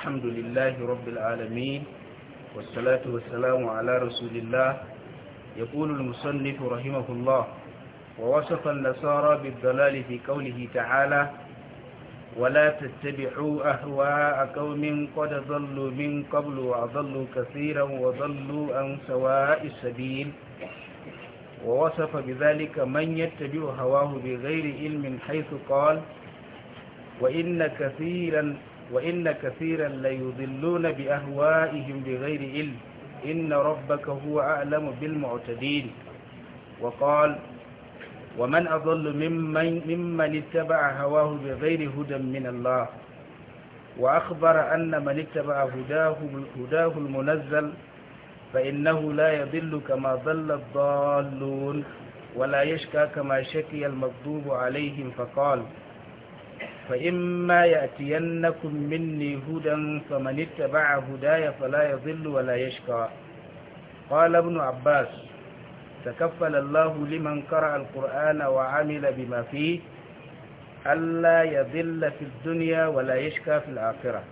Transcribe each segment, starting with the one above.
الحمد لله رب العالمين والصلاة والسلام على رسول الله يقول المصنف رحمه الله ووصف النصارى بالضلال في قوله تعالى ولا تتبعوا أهواء قوم قد ضلوا من قبل وأضلوا كثيرا وضلوا عن سواء السبيل ووصف بذلك من يتبع هواه بغير علم حيث قال وإن كثيرا وإن كثيرا ليضلون بأهوائهم بغير علم إن ربك هو أعلم بالمعتدين وقال ومن أضل ممن, ممن اتبع هواه بغير هدى من الله وأخبر أن من اتبع هداه, هداه المنزل فإنه لا يضل كما ضل الضالون ولا يشكى كما شكي المغضوب عليهم فقال فإما يأتينكم مني هدى فمن اتبع هداي فلا يضل ولا يشقى قال ابن عباس تكفل الله لمن قرأ القرآن وعمل بما فيه ألا يضل في الدنيا ولا يشقى في الآخرة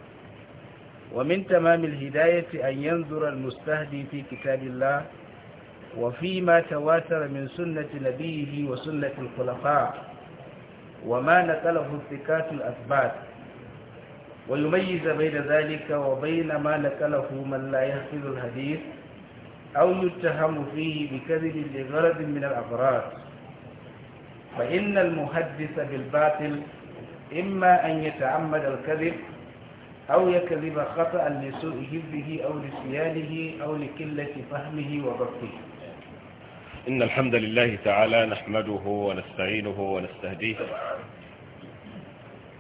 ومن تمام الهداية أن ينظر المستهدي في كتاب الله وفيما تواتر من سنة نبيه وسنة الخلفاء وما نقله الثكات الأثبات ويميز بين ذلك وبين ما نقله من لا يحفظ الحديث أو يتهم فيه بكذب لغرض من الأغراض فإن المحدث بالباطل إما أن يتعمد الكذب أو يكذب خطأ لسوء حفظه أو لسيانه أو لقلة فهمه وضبطه إن الحمد لله تعالى نحمده ونستعينه ونستهديه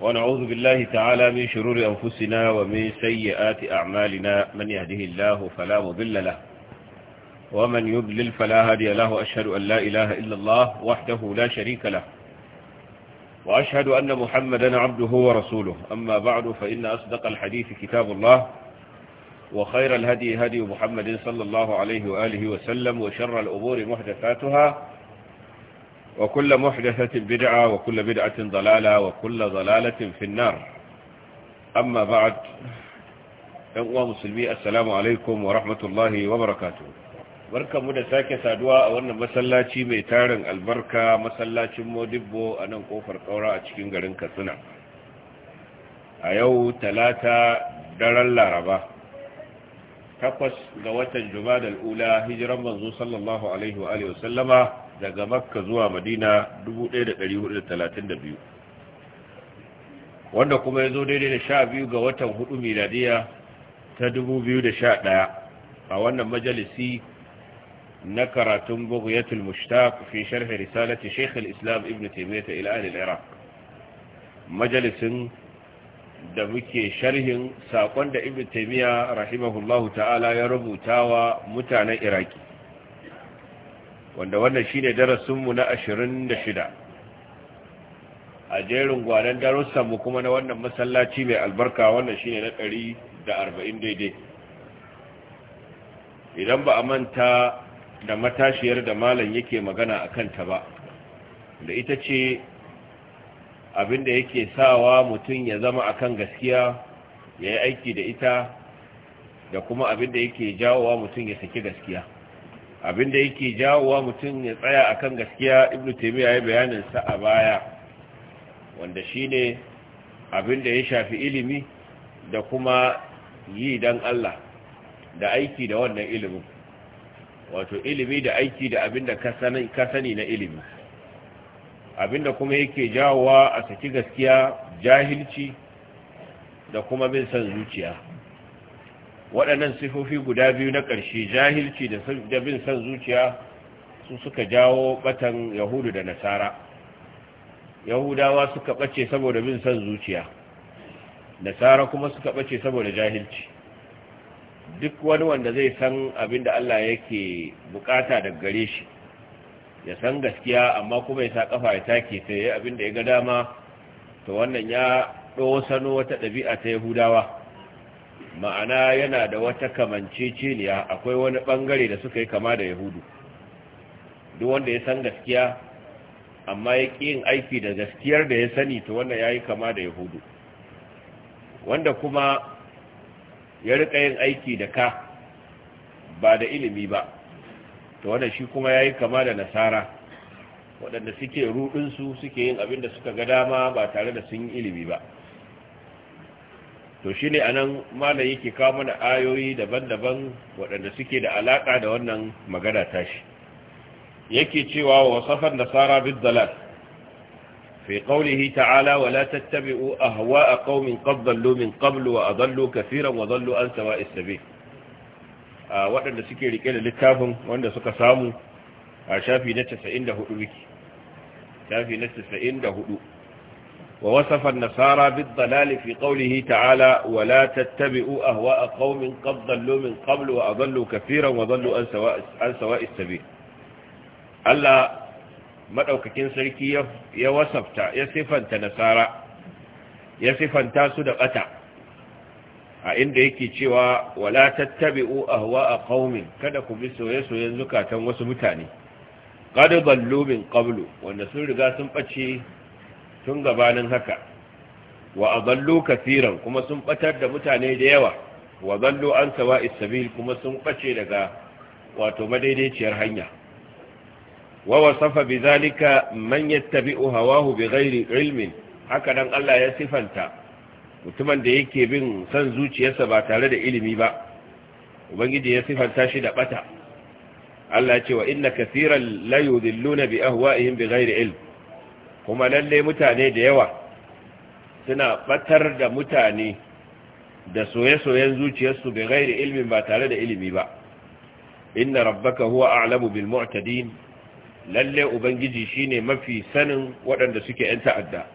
ونعوذ بالله تعالى من شرور أنفسنا ومن سيئات أعمالنا من يهده الله فلا مضل له ومن يضلل فلا هادي له أشهد أن لا إله إلا الله وحده لا شريك له وأشهد أن محمدا عبده ورسوله أما بعد فإن أصدق الحديث كتاب الله وخير الهدي هدي محمد صلى الله عليه وآله وسلم وشر الأمور محدثاتها وكل محدثة بدعة وكل بدعة ضلالة وكل ضلالة في النار أما بعد أنواع مسلمي السلام عليكم ورحمة الله وبركاته barka mu da sake saduwa a wannan masallaci mai tarin albarka masallacin modibbo a nan kofar kaura a cikin garin katsina a yau talata daren laraba takwas ga watan jumadal ula hijiran manzo sallallahu alaihi wa alihi wasallama daga makka zuwa madina 1432 wanda kuma ya zo daidai da sha biyu ga watan hudu miladiya ta 2011 a wannan majalisi na karatun bughyatul mushtaq fi sharh risalati shaykh al-islam ibn taymiyyah ila ahli al-iraq majalisin da muke sharhin saƙon da ibn taimiyya rahimahullahu ta'ala ya rubuta wa mutanen iraki wanda wannan shi ne darasinmu na ashirin da shida. a jerin gwanon darussanmu kuma na wannan masallaci mai albarka wannan shi na ɗari da arba'in daidai idan ba a manta da matashiyar da malam yake magana a kanta ba da ita ce abinda yake sawa mutum ya zama akan gaskiya ya yi aiki da ita da kuma abinda yake jawowa mutum ya saki gaskiya abinda yake jawowa mutum ya tsaya akan gaskiya ibnu taymiya ya bayanin sa a baya wanda shine abinda ya shafi ilimi da kuma yi dan Allah da aiki da wannan ilimin wato ilimi da aiki da abinda ka sani ka sani na ilimi abinda kuma yake jawowa a saki gaskiya jahilci da kuma bin san zuciya waɗannan sifofi guda biyu na ƙarshe jahilci da bin san zuciya su suka jawo batan yahudu da nasara yahudawa suka ɓace saboda bin san zuciya nasara kuma suka ɓace saboda jahilci duk wani wanda zai san abinda Allah yake bukata daga gare shi ya san gaskiya amma kuma ya sa kafa ya take ta yi abin da ya ga dama to wannan ya sano wata dabi'a ta yahudawa ma'ana yana da wata kamanceceniya akwai wani bangare da suka yi kama da yahudu duk wanda ya san gaskiya amma ya ƙi yin aiki da gaskiyar da ya sani to wannan ya yi kama da yahudu wanda kuma ya riƙa yin aiki da ka ba da ilimi ba to wannan shi kuma yayi kama da nasara waɗanda suke ruɗinsu suke yin abin da suka ga dama ba tare da sun yi ilimi ba to shi ne a nan malam yake kawo mana ayoyi daban-daban waɗanda suke da alaƙa da wannan magana tashi yake cewa wa nasara bid dalal fi qawlihi ta'ala wa la tattabi'u ahwa'a qaumin qad dallu min qablu wa adallu kaseeran wa dallu an sawa'i A waɗanda suke riƙe da littafin wanda suka samu a shafi na 94 wiki shafi na 94 wa wasafan nasara bid dalal fi qawlihi ta'ala wa la tattabi'u ahwa'a qaumin qad dallu min qablu wa adallu katiran wa dallu an sawa'i an sawa'i sabil Allah madaukakin sarki ya wasafta ya sifanta nasara ya sifanta su da bata a inda yake cewa wala tattabi'u ahwa'a qaumin kada ku bi soye-soyen zukatan wasu mutane qad dallu min qablu wanda sun riga sun bace tun gabanin haka wa adallu kaseeran kuma sun batar da mutane da yawa wa dallu an sawa'is sabil kuma sun bace daga wato madaidaiciyar hanya wa wasafa zalika man yattabi'u hawahu bighairi ilmin haka dan Allah ya sifanta mutumin da yake bin son zuciyarsa ba tare da ilimi ba ubangiji ya sifanta shi da bata Allah ya ce wa inna kathiran la yudilluna bi ahwa'ihim bighairi ilm kuma lalle mutane da yawa suna batar da mutane da soya soyen zuciyarsu bighairi ilmin ba tare da ilimi ba inna rabbaka huwa a'lamu bil mu'tadin lalle ubangiji shine mafi sanin waɗanda suke 'yan ta'adda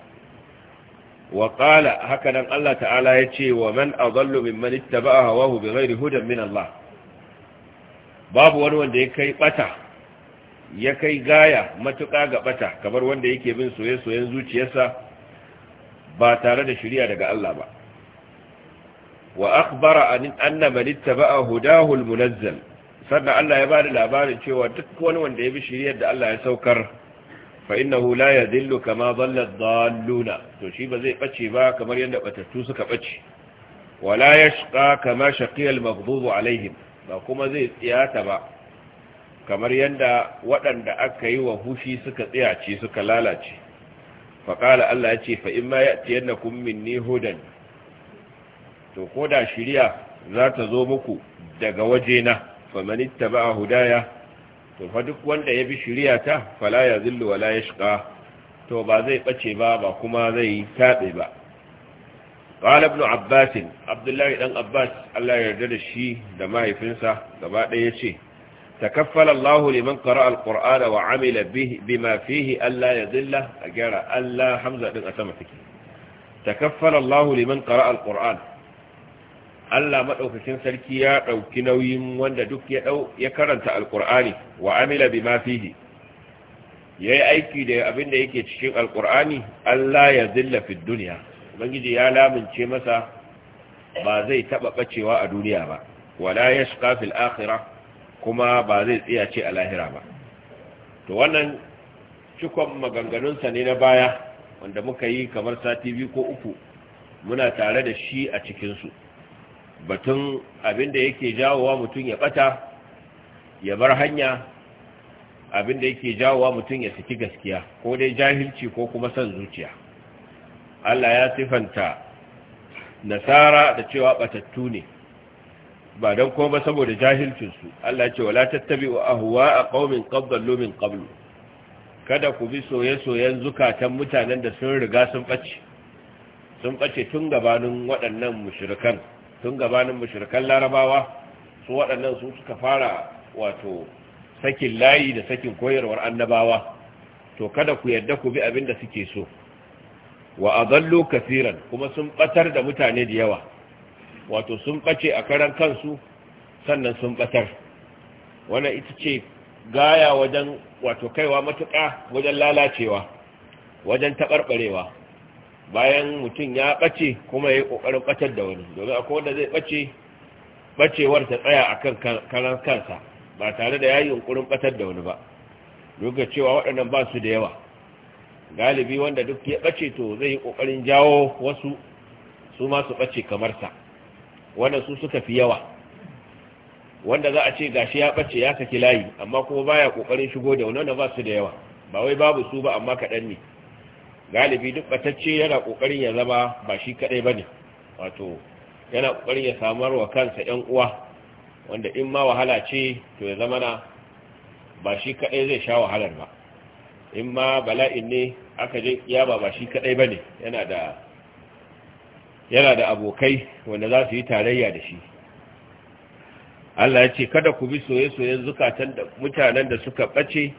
Waƙala, hakanan Allah Ta'ala Ya ce wa man azallo min manitta ba a hauhu, min Allah. Babu wani wanda ya kai bata ya kai gaya matuƙa ga bata kamar wanda yake bin soyayya-soyayyen zuciyarsa ba tare da shirya daga Allah ba. Wa akbara annama nitta ba a huɗahun munazzal. Sannan Allah ya bada labarin cewa duk wani wanda ya bi shirya da Allah ya saukar. fa innahu la yadhillu kama dhalla dhalluna to shi ba zai bace ba kamar yadda batattu suka bace wala yashqa kama shaqiya al Maghdubu alaihim ba kuma zai tsiyata ba kamar yadda waɗanda aka yi wa hushi suka tsiyace suka lalace faƙala Allah ya ce fa'in ma ya ciyar na hudan to ko da shirya za ta zo muku daga wajena famanita ba a hudaya to fa duk wanda ya bi shirya ta fala ya zillu wala yashqa to ba zai bace ba ba kuma zai tabe ba qala ibn abbas abdullahi dan abbas Allah ya yarda da shi da mahaifinsa gaba daya yace takaffala Allah liman qara'a al-qur'ana wa 'amila bihi bima fihi alla yadhilla ajra alla hamza din a sama take takaffala Allah liman qara'a al Allah maɗaukacin sarki ya ɗauki nauyin wanda duk ya dau ya karanta Alƙur'ani wa amila bima fihi yayi aiki da abin da yake cikin Alƙur'ani. Allah ya zilla fi dunya ubangiji ya lamince masa ba zai taɓa ɓacewa a duniya ba wala yashqa fil akhirah kuma ba zai tsayace a lahira ba to wannan cikon maganganunsa ne na baya wanda muka yi kamar sati biyu ko uku muna tare da shi a cikinsu batun abinda yake jawowa mutum ya bata ya bar hanya abinda yake jawowa mutum ya saki gaskiya ko dai jahilci ko kuma san zuciya Allah ya sifanta nasara da cewa batattu ne ba don kuma saboda jahilcinsu Allah ce wala tattabi'u a qaumin qad min qabl kada ku bi soye-soyen zukatan mutanen da sun riga sun bace sun bace tun gabanin waɗannan mushrikan tun gabanin mushrikan larabawa su waɗannan su suka fara wato sakin layi da sakin koyarwar annabawa to kada ku yadda ku bi abin da suke so wa adallu kaseeran kuma sun batar da mutane da yawa wato sun bace a karan kansu sannan sun batar wannan ita ce gaya wajen wato kaiwa matuƙa wajen lalacewa wajen taɓarɓarewa bayan mutum ya ɓace kuma ya yi ƙoƙarin ɓatar da wani domin akwai wanda zai ɓace ɓacewar ta tsaya a kan karan kansa ba tare da ya yi yunƙurin ɓatar da wani ba duk cewa waɗannan ba su da yawa galibi wanda duk ya ɓace to zai yi ƙoƙarin jawo wasu su ma su ɓace kamar sa wanda su suka fi yawa wanda za a ce gashi ya ɓace ya saki layi amma kuma baya ƙoƙarin shigo da wani wanda ba su da yawa ba wai babu su ba amma kaɗan ne galibi duk batacce yana kokarin ya zama ba shi kadai bane wato yana kokarin ya samar wa kansa yan uwa wanda in ma wahala ce to ya zama na ba shi kadai zai sha wahalar ba in ma bala'in ne aka je ya ba shi kadai bane yana da yana da abokai wanda za su yi tarayya da shi Allah ya ce kada ku bi soye-soyen zukatan da mutanen da suka ɓace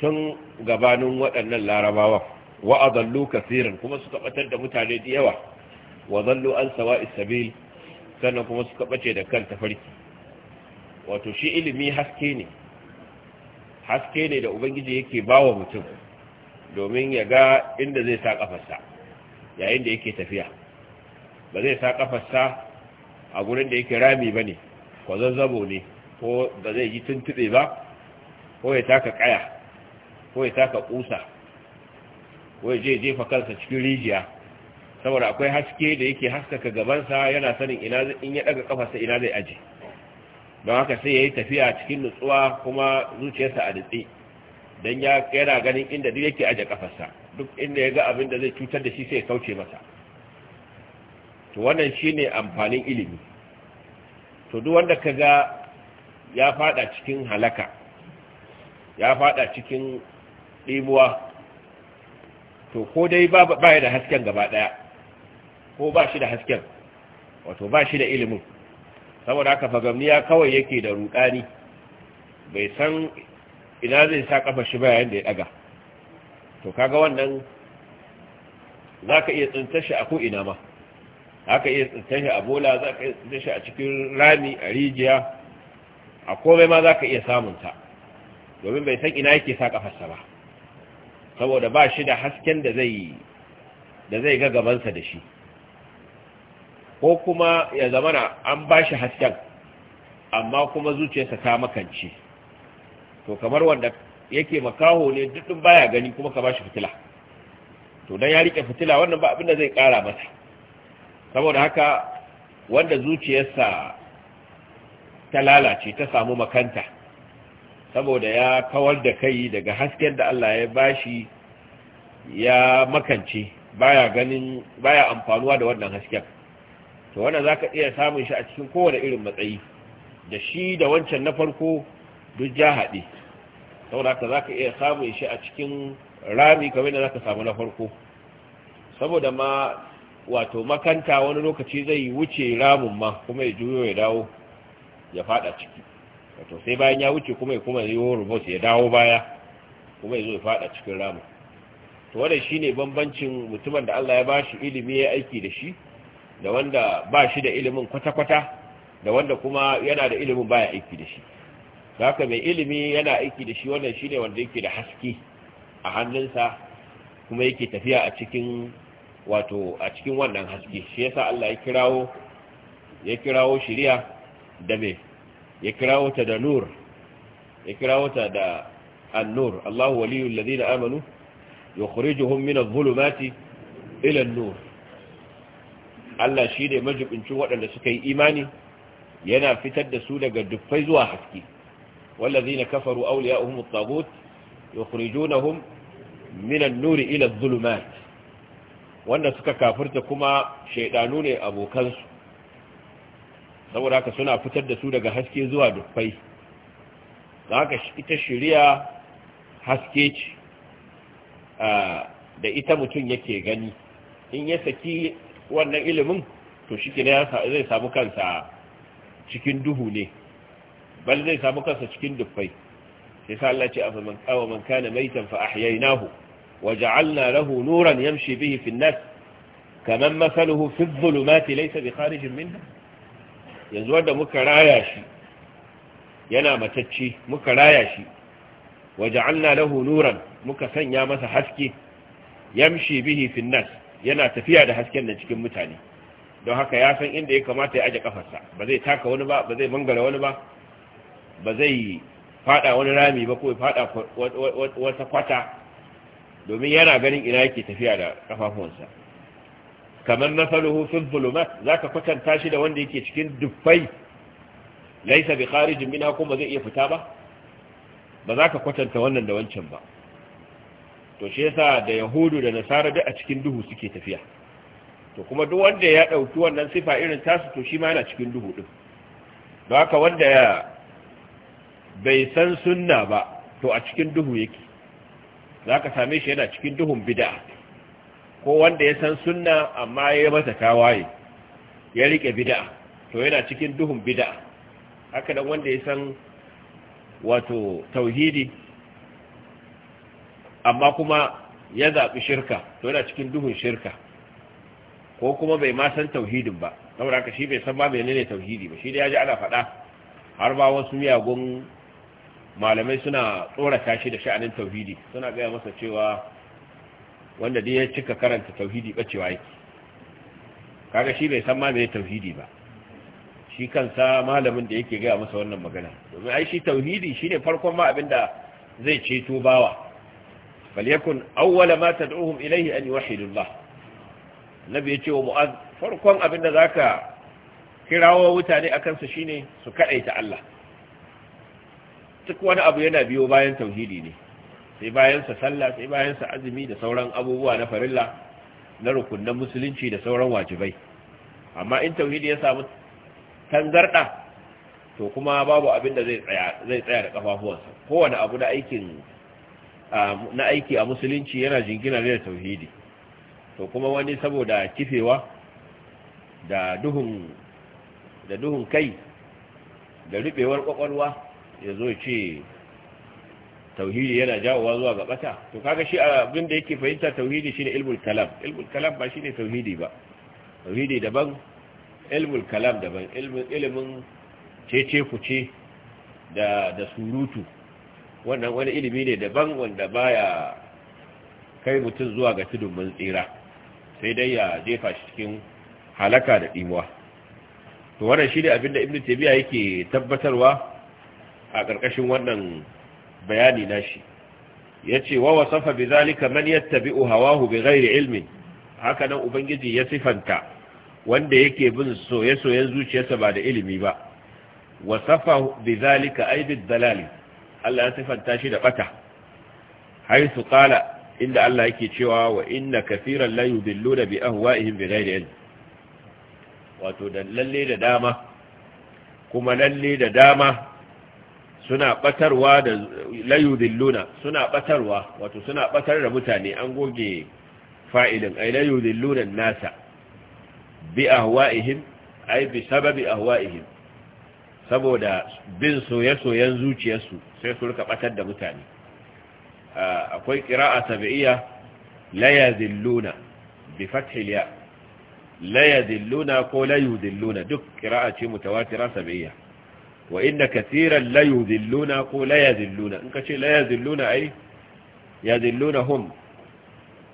tun gabanin waɗannan larabawan wa adallu kaseeran kuma suka batar da mutane da yawa wa zallu an sawa'is sabil sannan kuma suka bace da kan tafarki wato shi ilimi haske ne haske ne da ubangiji yake ba wa mutum domin ya ga inda zai sa kafarsa yayin da yake tafiya ba zai sa kafarsa a gurin da yake rami bane ko zazzabo ne ko ba zai yi tuntube ba ko ya taka kaya ko ya taka kusa wai je jefa kansa cikin rijiya saboda akwai haske da yake haskaka gabansa yana sanin ina in ya daga kafarsa ina zai aje don haka sai ya yi tafiya cikin nutsuwa kuma zuciyarsa a nutse don ya yana ganin inda duk yake aje kafarsa duk inda ya ga abin da zai cutar da shi sai ya kauce masa to wannan shine amfanin ilimi to duk wanda ka ga ya fada cikin halaka ya fada cikin ɗibuwa to ko dai ba ya da hasken gaba daya ko ba shi da hasken wato ba shi da ilimin saboda haka fagamniya kawai yake da rudani bai san ina zai sa kafa shi ba yayin da ya daga to kaga wannan zaka iya tsintar shi a ko ina ma haka iya tsintar shi a bola zaka iya tsintar shi a cikin rami a rijiya a komai ma zaka iya samunta domin bai san ina yake sa kafarsa ba saboda ba shi da hasken da zai da zai ga gabansa da shi ko kuma ya zamana an ba shi hasken amma kuma zuciyarsa ta makance to kamar wanda yake makaho ne dukkan baya gani kuma ka ba shi fitila to dan ya rike fitila wannan ba abin da zai kara masa saboda haka wanda zuciyarsa ta lalace ta samu makanta saboda ya kawar da kai daga hasken da Allah ya bashi ya makance baya ganin baya amfanuwa da wannan hasken to wannan zaka iya samun shi a cikin kowane irin matsayi da shi da wancan na farko duk ja hade saboda haka zaka iya samun shi a cikin rami kamar da zaka samu na farko saboda ma wato makanta wani lokaci zai wuce ramin ma kuma ya juyo ya dawo ya fada ciki wato sai bayan ya wuce kuma ya kuma yi reverse ya dawo baya kuma ya zo ya fada cikin ramu to shi shine bambancin mutumin da Allah ya bashi ilimi ya aiki da shi da wanda ba shi da ilimin kwata-kwata da wanda kuma yana da ilimin baya aiki da shi haka mai ilimi yana aiki da shi wannan shine wanda yake da haske a hannunsa kuma yake tafiya a cikin wato a cikin wannan haske shi yasa Allah ya kirawo ya kirawo shari'a da mai ya kirawo ta da nur ya kirawo ta da annur Allahu waliyul ladina amanu yukhrijuhum min adh-dhulumati ila an-nur Allah shi ne majibincin waɗanda suka yi imani yana fitar da su daga dufai zuwa haske wallazina kafaru awliya'uhum at-taghut yukhrijunahum min an-nur ila adh-dhulumat wanda suka kafirta kuma shaydanu ne abokansu saboda haka suna fitar da su daga haske zuwa dukkai za ka ita shirya haske ce da ita mutum yake gani in ya saki wannan ilimin to shi zai samu kansa cikin duhu ne bal zai samu kansa cikin dukkai sai sa Allah ce afa man kawo man maitan fa ahyaynahu wa ja'alna rahu nuran yamshi bihi fi kamar kaman masaluhu fi adh-dhulumati bi kharijin yanzu wanda muka raya shi yana matacce muka raya shi waje waja'alna lahu nuran muka sanya masa haske yamshi bihi fin yana tafiya da hasken da cikin mutane don haka ya san inda ya kamata ya aje kafarsa ba zai taka wani ba ba zai mangara wani ba ba zai fada wani rami ba ko fada wata kwata domin yana ganin ina yake tafiya da kafafuwansa kamar mafaluhu fil zulumat zaka kwatanta shi da wanda yake cikin dufai laisa bi kharijin minha kuma zai iya fita ba ba za ka kwatanta wannan da wancan ba to shi yasa da yahudu da nasara duk a cikin duhu suke tafiya to kuma duk wanda ya dauki wannan sifa irin tasu to shi ma yana cikin duhu din don haka wanda ya bai san sunna ba to a cikin duhu yake za ka same shi yana cikin duhun bid'a ko wanda ya san sunna amma ya mata tawaye ya rike bida'a, to yana cikin duhun bid'a haka dan wanda ya san wato tauhidi amma kuma ya zaɓi shirka to yana cikin duhun shirka ko kuma bai ma san tauhidin ba saboda haka shi bai san ba menene tauhidi ba shi da ya ji ana faɗa har ba wasu miyagun malamai suna tsorata shi da sha'anin tauhidi suna gaya masa cewa wanda dai ya cika karanta tauhidi bacewa yake kaga shi bai san ma me tauhidi ba shi kansa malamin da yake gaya masa wannan magana domin ai shi tauhidi shine farkon ma abinda zai ceto bawa yakun awwala ma tad'uhum ilayhi an yuwahhidullah nabi ce wa mu'az farkon abinda zaka kirawo mutane akan su shine su kadaita Allah duk wani abu yana biyo bayan tauhidi ne sai bayansa sallah sai bayansa azumi da sauran abubuwa na farilla na rukunan musulunci da sauran wajibai amma in tauhidi ya samu tangarda to kuma babu abin da zai tsaya zai tsaya da kafafuwansa kowane abu na aikin na aiki a musulunci yana jingina ne da tauhidi to kuma wani saboda kifewa da duhun da duhun kai da rubewar kwakwalwa ya zo ce tauhidi yana jawowa zuwa ga bata to kaga shi abinda yake fahimta tauhidi shine ilmul kalam ilmul kalam ba shine tauhidi ba tauhidi daban ilmul kalam daban ilmin cece kuce da da surutu wannan wani ilimi ne daban wanda baya kai mutum zuwa ga tudun mun tsira sai dai ya jefa shi cikin halaka da dimuwa to wannan shine abinda ibnu tabiya yake tabbatarwa a ƙarƙashin wannan bayani Ya yace wa wasafa bizalika man yattabi'u hawahu bighairi ilmin haka nan ubangiji ya sifanta wanda yake bin soye-soyen zuciyarsa ba da ilimi ba wasafa bizalika ay bidalali Allah ya sifanta shi da bata haythu qala inda Allah yake cewa wa inna kaseeran la yudilluna bi ahwa'ihim bighairi ilm wato da lalle da dama kuma lalle da dama suna batarwa da layudilluna suna batarwa wato suna batar da mutane an goge fa'ilin ay layudilluna nasa bi a ay bi sababi saboda bin soye-soyen zuciyarsu sai su rika batar da mutane akwai qira'a sab'iyya layadilluna bi fathil ya layadilluna ko layudilluna duk ƙira'a ce mutawatira sab'iyya wa inna katiran layu zilluna ko la zilluna in ka ce la zilluna ai ya zilluna hum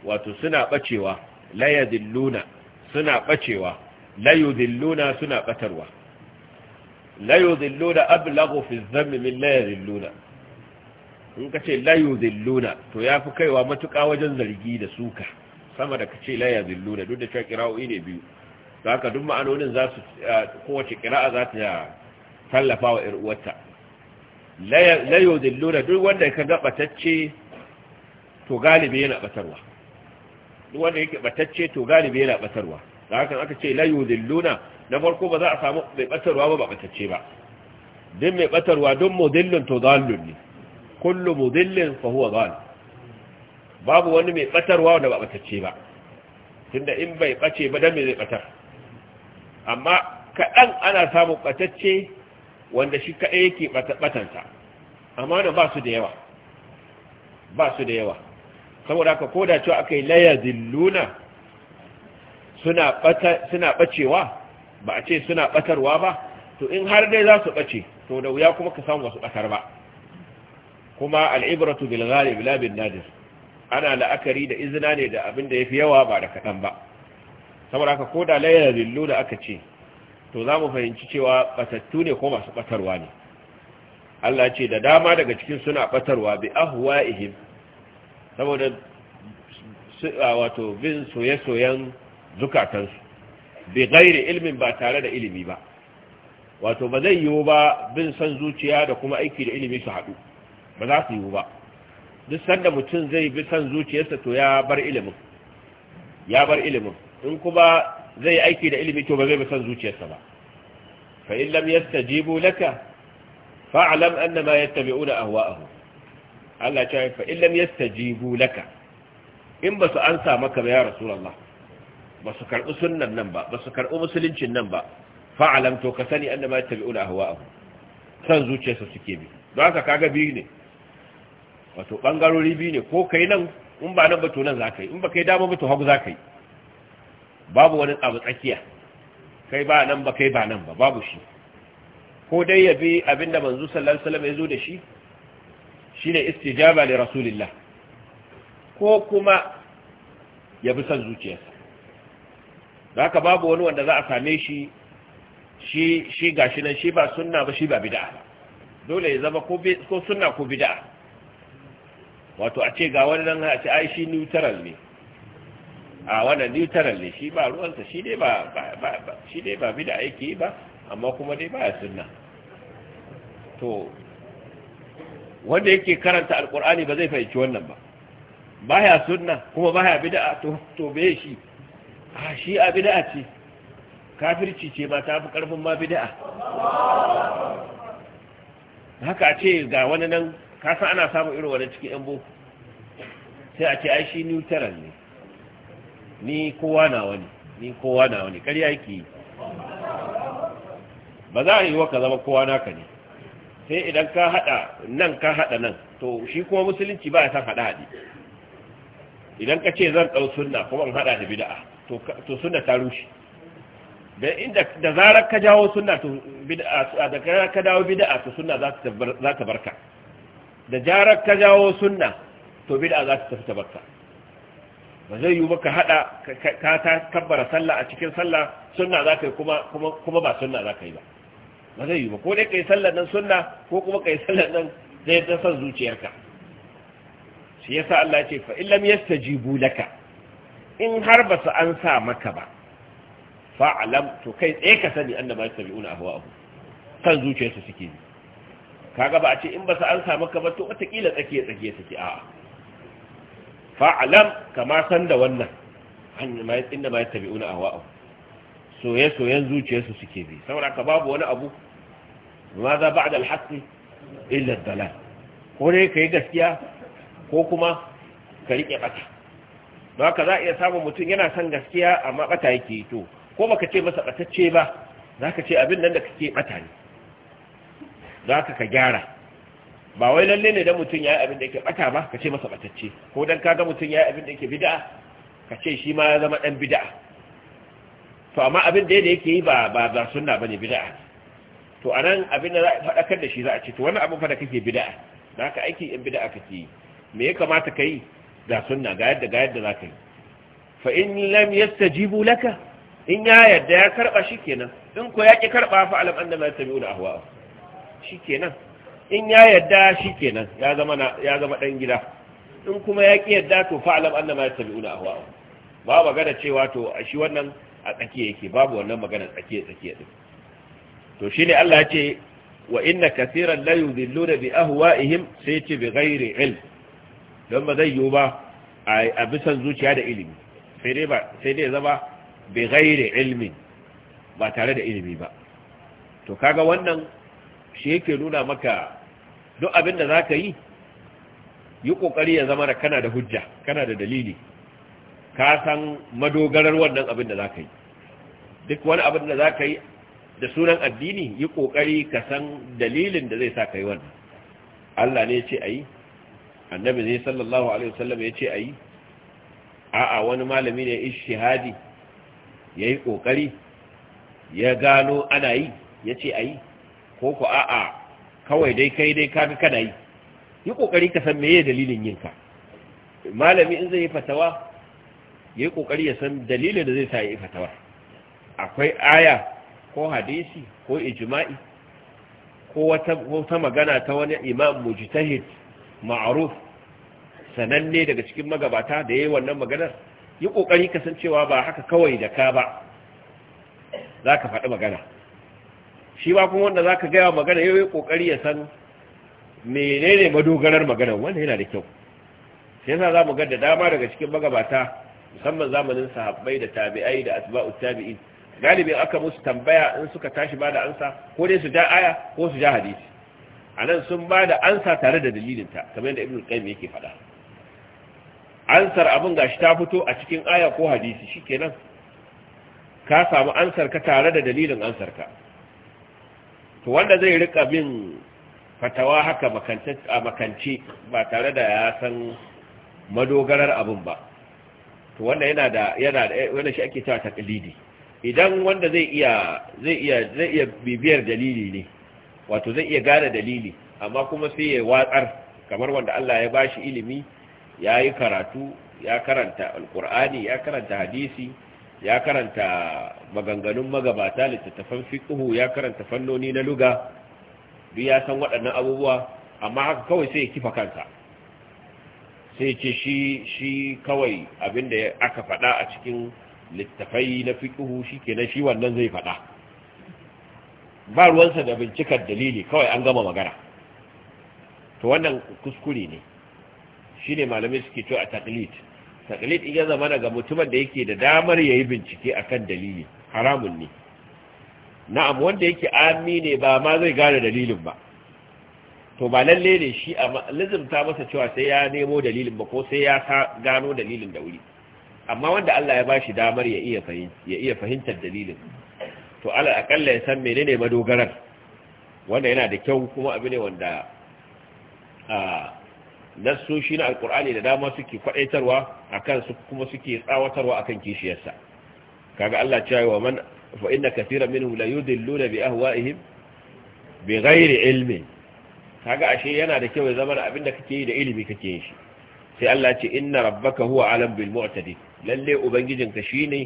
wato suna bacewa la zilluna suna bacewa layu zilluna suna batarwa la yuzilluna ablagu fi dhammi min la zilluna in ka ce la zilluna to ya yafi kaiwa matuƙa wajen zargi da suka sama da ka ce la zilluna duk da cewa qira'o'i ne biyu za ka duk ma'anonin za su kowace qira'a za ta tallafa wa ‘yar uwarta layo dilluna duk wanda ya ka ga batacce to galibi yana batarwa duk wanda yake batacce to galibi yana batarwa da hakan aka ce layo dilluna na farko ba za a samu mai batarwa ba ba batacce ba din mai batarwa don mudillin to zallun ne kullu mudillin fa huwa zal babu wani mai batarwa da ba batacce ba tunda in bai bace ba dan mai batar amma kaɗan ana samun ɓatacce wanda shi kaɗai yake batanta amma da ba su da yawa ba su da yawa saboda haka koda cewa aka yi laya zilluna suna ɓacewa ba a ce suna ɓatarwa ba to in har dai za su ɓace to da wuya kuma ka samu wasu ɓatar ba kuma al'ibratu bil bilabin nadir ana la'akari da izina ne da abin da ya fi yawa ba da kaɗan ba saboda ka koda laya zilluna aka ce to za mu fahimci cewa batattu ne ko masu batarwa ne Allah ce da dama daga cikin suna batarwa bi ahwa'ihim saboda wato bin soye-soyen zukatansu bi gairi ilmin ba tare da ilimi ba wato ba zai yiwu ba bin san zuciya da kuma aiki da ilimi su haɗu ba za su yiwu ba duk sanda mutum zai bi san zuciyarsa to ya bar ilimin ya bar ilimin in kuma zai aiki da ilimi to ba zai san zuciyarsa ba fa in lam yastajibu laka fa'lam annama yattabi'una ahwa'ahum Allah ya ce fa in lam yastajibu laka in basu su ansa maka ba ya rasulullah basu su karbi sunnan nan ba ba su karbi musuluncin nan ba fa'lam to ka sani annama yattabi'una ahwa'ahum san zuciyarsa suke bi don haka kaga bi ne wato bangarori bi ne ko kai nan in ba nan ba to nan za yi in ba kai dama ba to hagu za yi babu wani abu tsakiya kai ba nan ba kai ba nan ba babu shi ko dai ya bi abinda manzo sallallahu alaihi wasallam ya zo da shi shine istijaba li rasulillah ko kuma ya bi san zuciyarsa da ka babu wani wanda za a same shi shi shi gashi nan shi ba sunna ba shi ba bid'a dole ya zama ko ko sunna ko bid'a wato a ce ga wani nan a ce ai shi neutral ne a wannan neutral ne shi ba ruwansa shi dai ba shi dai ba ba amma kuma dai ya sunna to wanda yake karanta alkur'ani ba zai fahimci wannan ba ba ya sunna kuma ya bid'a to to be shi a shi a bid'a ce kafirci ce ba ta fi karfin ma bid'a haka ce ga wani nan kasan ana samun irin wani cikin yan boko sai a ce ai shi neutral ne ni kowa na wani ni kowa na wani kariya yake yi ba za a yi wa ka zama kowa na ka ne sai idan ka haɗa nan ka haɗa nan to shi kuma musulunci ba ya san haɗa haɗi idan ka ce zan ɗau sunna kuma in haɗa da bid'a to sunna ta rushe da inda da zarar ka jawo sunna to bid'a da zarar ka dawo bid'a to sunna za ta za ta barka da jarar ka jawo sunna to bid'a za ta tafi ta barka ba zai yi maka hada ka ta kabbara sallah a cikin sallah sunna za ka yi kuma ba sunna za ka yi ba ba zai yi ba ko dai ka yi sallah nan sunna ko kuma ka yi sallah nan zai ta san zuciyarka shi yasa Allah ya ce fa in lam yastajibu laka in har ba su an sa maka ba fa'alam to kai tsaye ka sani an annaba yastabi'una ahwa'ahum san zuciyarsu suke bi kaga ba a ce in ba su an sa maka ba to wata kila tsakiya tsakiya take a'a fa'alam kama san da wannan inda ma ya tabi'una ahwa'u soye-soyen zuciyarsu suke bi saboda ka babu wani abu ma za da alhaqi illa dalal ko dai yi gaskiya ko kuma ka riƙe bata Ba ka za a iya samun mutum yana son gaskiya amma bata yake to ko baka ce masa batacce ba za ka ce abin nan da kake bata ne za ka ka gyara ba wai lalle ne dan mutum yayi abin da yake bata ba kace masa batacce ko dan kaga mutum yayi abin da yake bid'a kace shi ma ya zama dan bid'a to amma abin da yake yi ba ba ba sunna bane bid'a to anan abin da za a fadakar da shi za a ce to wannan abin fa da kake bid'a da haka aiki in bid'a kake yi me ya kamata kai ga sunna ga yadda ga yadda zaka yi fa in lam yastajibu laka in ya yadda ya karba shikenan in ko ya ki karba fa alam annama yattabi'una Shi shikenan in ya yadda shi kenan ya zama ɗan gida in kuma ya ƙi yadda to fa'alam annama yattabi'una a ba magana cewa to a shi wannan a tsakiya yake babu wannan magana tsaki tsakiya din to ne Allah ce wa inna kaseeran la yudhilluna bi ahwa'ihim sai ce bi ghairi ilm don ba zai yiwu ba a bisan zuciya da ilimi sai dai ba zama bi ghairi ilmi ba tare da ilimi ba to kaga wannan shi yake nuna maka duk abin da za ka yi yi ƙoƙari ya zama da kana da hujja kana da dalili ka san madogarar wannan abin da za ka yi duk wani abin da za ka yi da sunan addini yi ƙoƙari ka san dalilin da zai sa ka yi wannan Allah ne ya ce a yi annabi ne sallallahu alaihi wasallam ya ce a yi a'a wani malami ne ishihadi ya yi ƙoƙari ya gano ana yi ya ce a yi ko ku a'a kawai dai kai dai kaga kada yi yi kokari ka san meye dalilin yin ka malami in zai yi fatawa yi kokari ya san dalilin da zai sa yi fatawa akwai aya ko hadisi ko ijma'i ko wata ta magana ta wani imam mujtahid ma'ruf sananne daga cikin magabata da yayi wannan maganar yi kokari cewa ba haka kawai da ka ba zaka faɗi magana shi ba kuma wanda za ka gaya magana yau yi ƙoƙari ya san menene madogarar magana wanda yana da kyau sai yasa za mu ga da dama daga cikin magabata musamman zamanin sahabbai da tabi'ai da asba'ut tabi'in galibin aka musu tambaya in suka tashi ba da ansa ko dai su ja aya ko su ja hadisi a nan sun ba da ansa tare da dalilinta kamar yadda ibn qayyim yake faɗa ansar abin gashi ta fito a cikin aya ko hadisi shikenan ka samu ansar ka tare da dalilin ansar ka to wanda zai rika min fatawa haka a makanci ba tare da ya san madogarar abin ba to wanda yana da yana eh, wanda shi ake cewa taqlidi idan wanda zai iya zai iya zai iya bibiyar dalili ne wato zai iya gane dalili amma kuma sai ya watsar kamar wanda Allah ya bashi ilimi yayi karatu ya karanta alqur'ani ya karanta hadisi ya karanta maganganun magabata littattafan fiƙuhu, ya karanta fannoni na luga duk ya san waɗannan abubuwa amma haka kawai sai ya kifa kansa sai ce shi shi kawai abinda aka faɗa a cikin littafai na fiqhu shikenan shi wannan zai faɗa ba ruwansa da bincikar dalili kawai an gama magana to wannan kuskure ne Shi ne malamai suke cewa a taklit taklid ya zama daga mutumin da yake da damar ya yi bincike akan dalili haramun ne na'am wanda yake ami ne ba ma zai gane dalilin ba to ba lalle ne shi a lizimta masa cewa sai ya nemo dalilin ba ko sai ya gano dalilin da wuri amma wanda Allah ya bashi damar ya iya ya iya fahimtar dalilin to alal akalla ya san menene madogarar wanda yana da kyau kuma abu ne wanda ah, nassoshi na alkur'ani da dama suke kwadaitarwa akan su kuma suke tsawatarwa akan kishiyarsa kaga Allah cewa wa man fa inna kaseeran minhum la yudilluna bi ahwa'ihim bi ghairi ilmin kaga ashe yana da kyau ya zama abinda kake yi da ilimi kake yin shi sai Allah ce inna rabbaka huwa alam bil mu'tadi lalle ubangijinka shine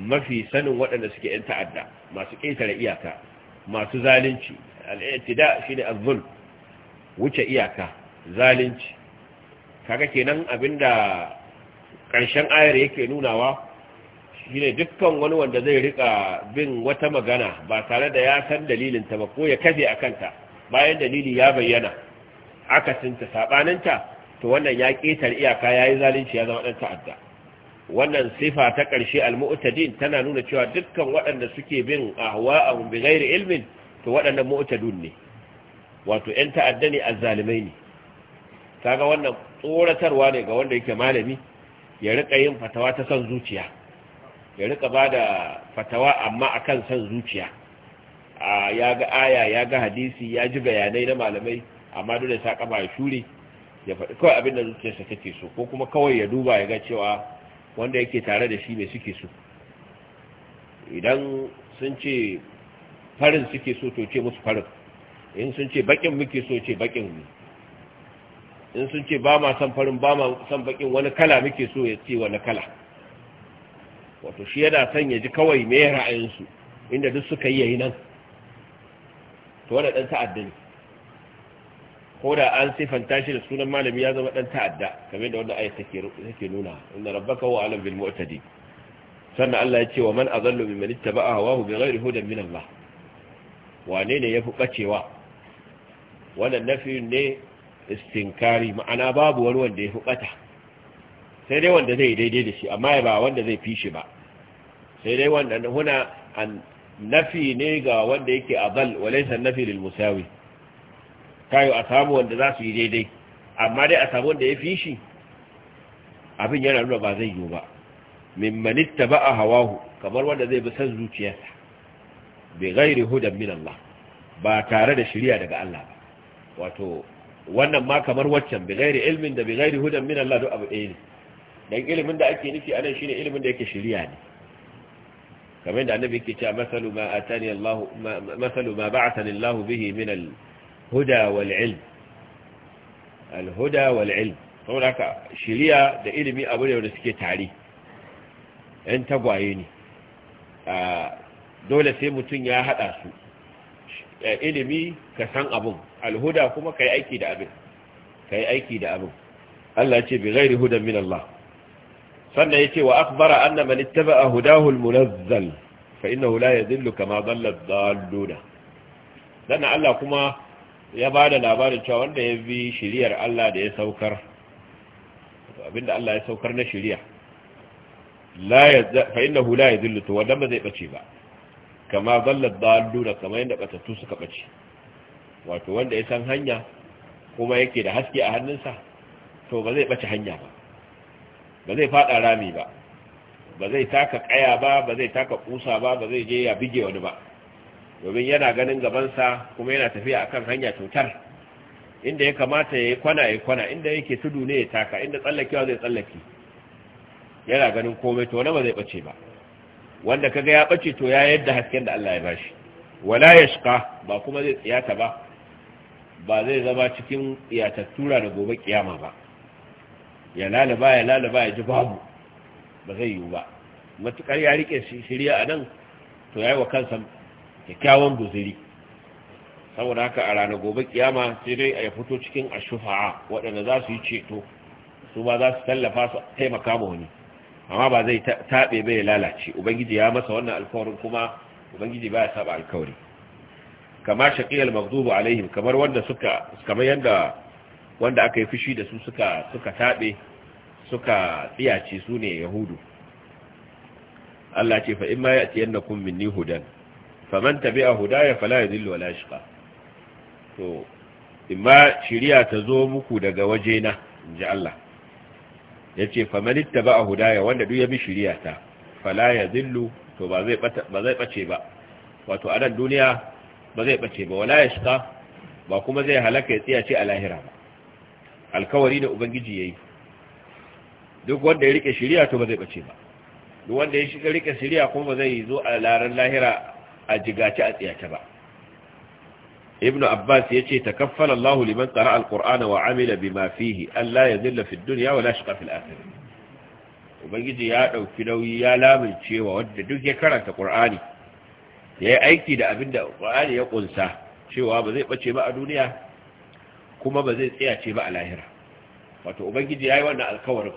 mafi sanin waɗanda suke yan ta'adda masu ƙetare iyaka masu zalunci al-i'tida shine az-zulm wuce iyaka zalunci kaga kenan abinda ƙarshen ayar yake nunawa shine dukkan wani wanda zai rika bin wata magana ba tare da ya san dalilin ta ba ko ya kafe akan ta bayan dalili ya bayyana aka saɓaninta sabanin ta to wannan ya ketar iyaka yayi zalunci ya zama dan ta'adda wannan sifa ta ƙarshe al tana nuna cewa dukkan waɗanda suke bin ahwa'ahum bighairi ilmin to waɗannan mu'tadun ne wato 'yan ta'adda ne azzalimai ne kaga wannan tsoratarwa ne ga wanda yake malami ya rika yin fatawa ta san zuciya ya rika bada fatawa amma akan san zuciya a ya ga aya ya ga hadisi ya ji bayanai na malamai amma dole sa kama ya shure ya faɗi kawai abin da zuciyarsa take so ko kuma kawai ya duba ya ga cewa wanda yake tare da shi ne suke so idan sun ce farin suke so to ce musu farin in sun ce bakin muke so ce bakin mu. in sun ce ba ma san farin ba ma san bakin wani kala muke so ya ce wani kala wato shi yana son ya ji kawai me ra'ayinsu inda duk suka yi yayi nan to wanda ɗan ta'adda ne ko da an sifanta shi da sunan malami ya zama ɗan ta'adda kamar da wanda ayat take take nuna inna rabbaka huwa alim bil mu'tadi sannan Allah ya ce wa man azallu mimman ittaba'a hawahu bighairi hudan min Allah wane ne yafi bacewa wannan nafi ne istinkari ma'ana babu wani wanda ya hukata sai dai wanda zai daidai da shi amma ba wanda zai fi ba sai dai wanda huna an nafi ne ga wanda yake azal walaysa nafi lil musawi kayo a samu wanda za su yi daidai amma dai a samu wanda ya fishi abin yana nuna ba zai yi ba mimman ittaba'a hawahu kamar wanda zai bi san zuciyarsa bi ghairi hudan min Allah ba tare da shari'a daga Allah ba wato wannan ma kamar waccan bi ghairi ilmin da bi ghairi hudan min Allah duk abu ɗaya ne dan ilimin da ake nufi anan shine ilimin da yake shari'a ne kamar da annabi yake cewa masalu ma atani Allah masalu ma ba'athani Allah bihi min al-huda wal ilm al-huda wal ilm saboda haka shari'a da ilimi abu ne da suke tare yan tagwaye ne ah, dole sai mutum ya hada su Eh, ilimi ka san abin alhuda kuma ka yi aiki da abin ka yi aiki da abin Allah ce bi gairi hudan min Allah sannan ya ce wa akbara anna man ittaba'a hudahu almunazzal fa hula ya yadhillu kama dhalla dhalluna dan Allah kuma ya ba da labarin cewa wanda ya bi shiriyar Allah da ya saukar abinda Allah ya saukar na shiriya la yadh hula ya la to wanda zai ɓace ba kama zallar daluna kamar yadda batatu suka bace wato wanda ya san hanya kuma yake da haske a hannunsa to ba zai bace hanya ba ba zai fada rami ba ba zai taka kaya ba ba zai taka kusa ba ba zai je ya bige wani ba domin yana ganin gabansa kuma yana tafiya akan hanya cutar inda ya kamata ya kwana ya kwana inda yake tudu ne ya taka inda tsallakewa zai tsallake yana ganin komai to wani ba zai bace ba wanda kaga ya bace to ya yadda hasken da Allah ya bashi wala yashqa ba kuma zai tsiyata ba ba zai zama cikin iyatattura da gobe kiyama ba ya lalaba ya lalaba ya ji babu ba zai yiwu ba matukar ya rike shirya a nan to ya yi wa kansa kyakkyawan guziri saboda haka a ranar gobe kiyama sai dai ya fito cikin ashufa'a waɗanda za su yi ceto su ba za su tallafa su taimaka ma wani amma ba zai taɓe bai lalace ubangiji ya masa wannan alkawarin kuma ubangiji ba ya saba alkawari kama shaƙiyar maghdubu alaihim kamar wanda suka kamar yanda wanda aka yi fushi da su suka suka taɓe suka tsiyace su ne yahudu Allah ce fa in ma ya'tiyannakum minni hudan faman tabi'a hudaya fala yadhillu wala yashqa to imma shiriya ta zo muku daga waje na. inji Allah yace ba ittaba hudaya wanda duk ya bi ta, fala zillu to ba zai ba zai bace ba wato a nan duniya ba zai bace ba wala yashqa ba kuma zai halaka ya tsiyace a lahira ba alkawari da ubangiji yayi duk wanda ya rike shirya to ba zai bace ba duk wanda ya shiga rike shirya kuma ba zai zo a laran lahira a jigace a tsiyace ba Ibnu abbas ya ce takaffala allahu liman qara alqur'ana wa amila bima fihi alla ya fid dunya wa la yashqa fil ubangiji ya ɗauki nauyi ya lamincewa wanda duk ya karanta qur'ani yayi aiki da abinda qur'ani ya ƙunsa cewa ba zai bace ba a duniya kuma ba zai tsayace ba a lahira wato ubangiji yayi wannan alkawarin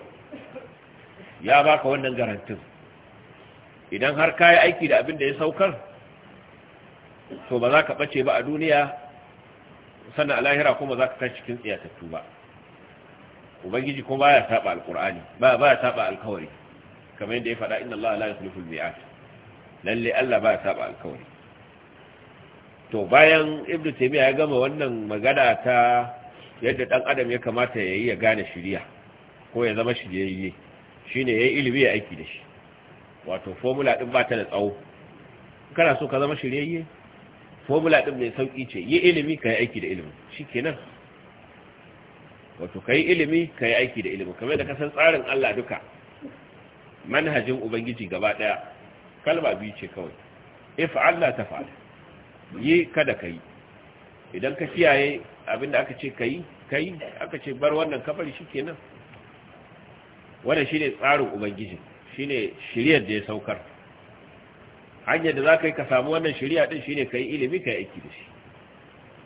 ya baka wannan garantin idan har kayi aiki da da ya saukar to ba za ka ɓace ba a duniya sannan a lahira kuma za ka kai cikin tsiyatattu ba ubangiji kuma baya saba alkur'ani ba ya saba alkawari kamar yadda ya faɗa inna Allah la yukhlifu al-mi'ad lalle allah baya saba alkawari to bayan ibnu taymiya ya gama wannan magana ta yadda dan adam ya kamata yayi ya gane shiriya ko ya zama shiriyayye shine yayi ilimi ya aiki da shi wato formula din ba ta da tsawo kana so ka zama shiriyayye formula din mai sauki ce yi ilimi ka yi aiki da ilimi nan. wato ka yi ilimi ka yi aiki da ilimi kamar da ka san tsarin Allah duka manhajin ubangiji gaba daya kalma biyu ce kawai if Allah ta faɗi, yi kada ka yi idan ka kiyaye abinda aka ce ka yi ka yi aka ce bar wannan kafari shikenan wannan shine tsarin ubangiji Shi ne shiryar da ya saukar hanyar da za ka yi ka samu wannan shari'a din shine ka yi ilimi ka yi aiki da shi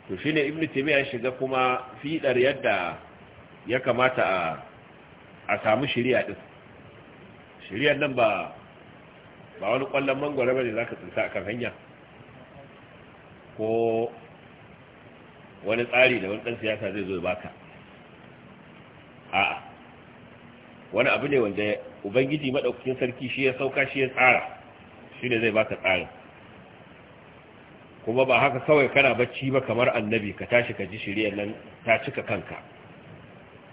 to shine ibn taymiya ya shiga kuma fiɗar yadda ya kamata a samu shari'a din shari'ar nan ba ba wani kwallon mangwara za ka tsinta akan hanya ko wani tsari da wani ɗan siyasa zai zo ba ka? a'a wani abu ne wanda ubangiji madaukakin sarki shi ya sauka shi ya tsara shi ne zai baka tsarin kuma ba haka kawai kana bacci ba kamar annabi ka tashi ka ji shirya nan ta cika kanka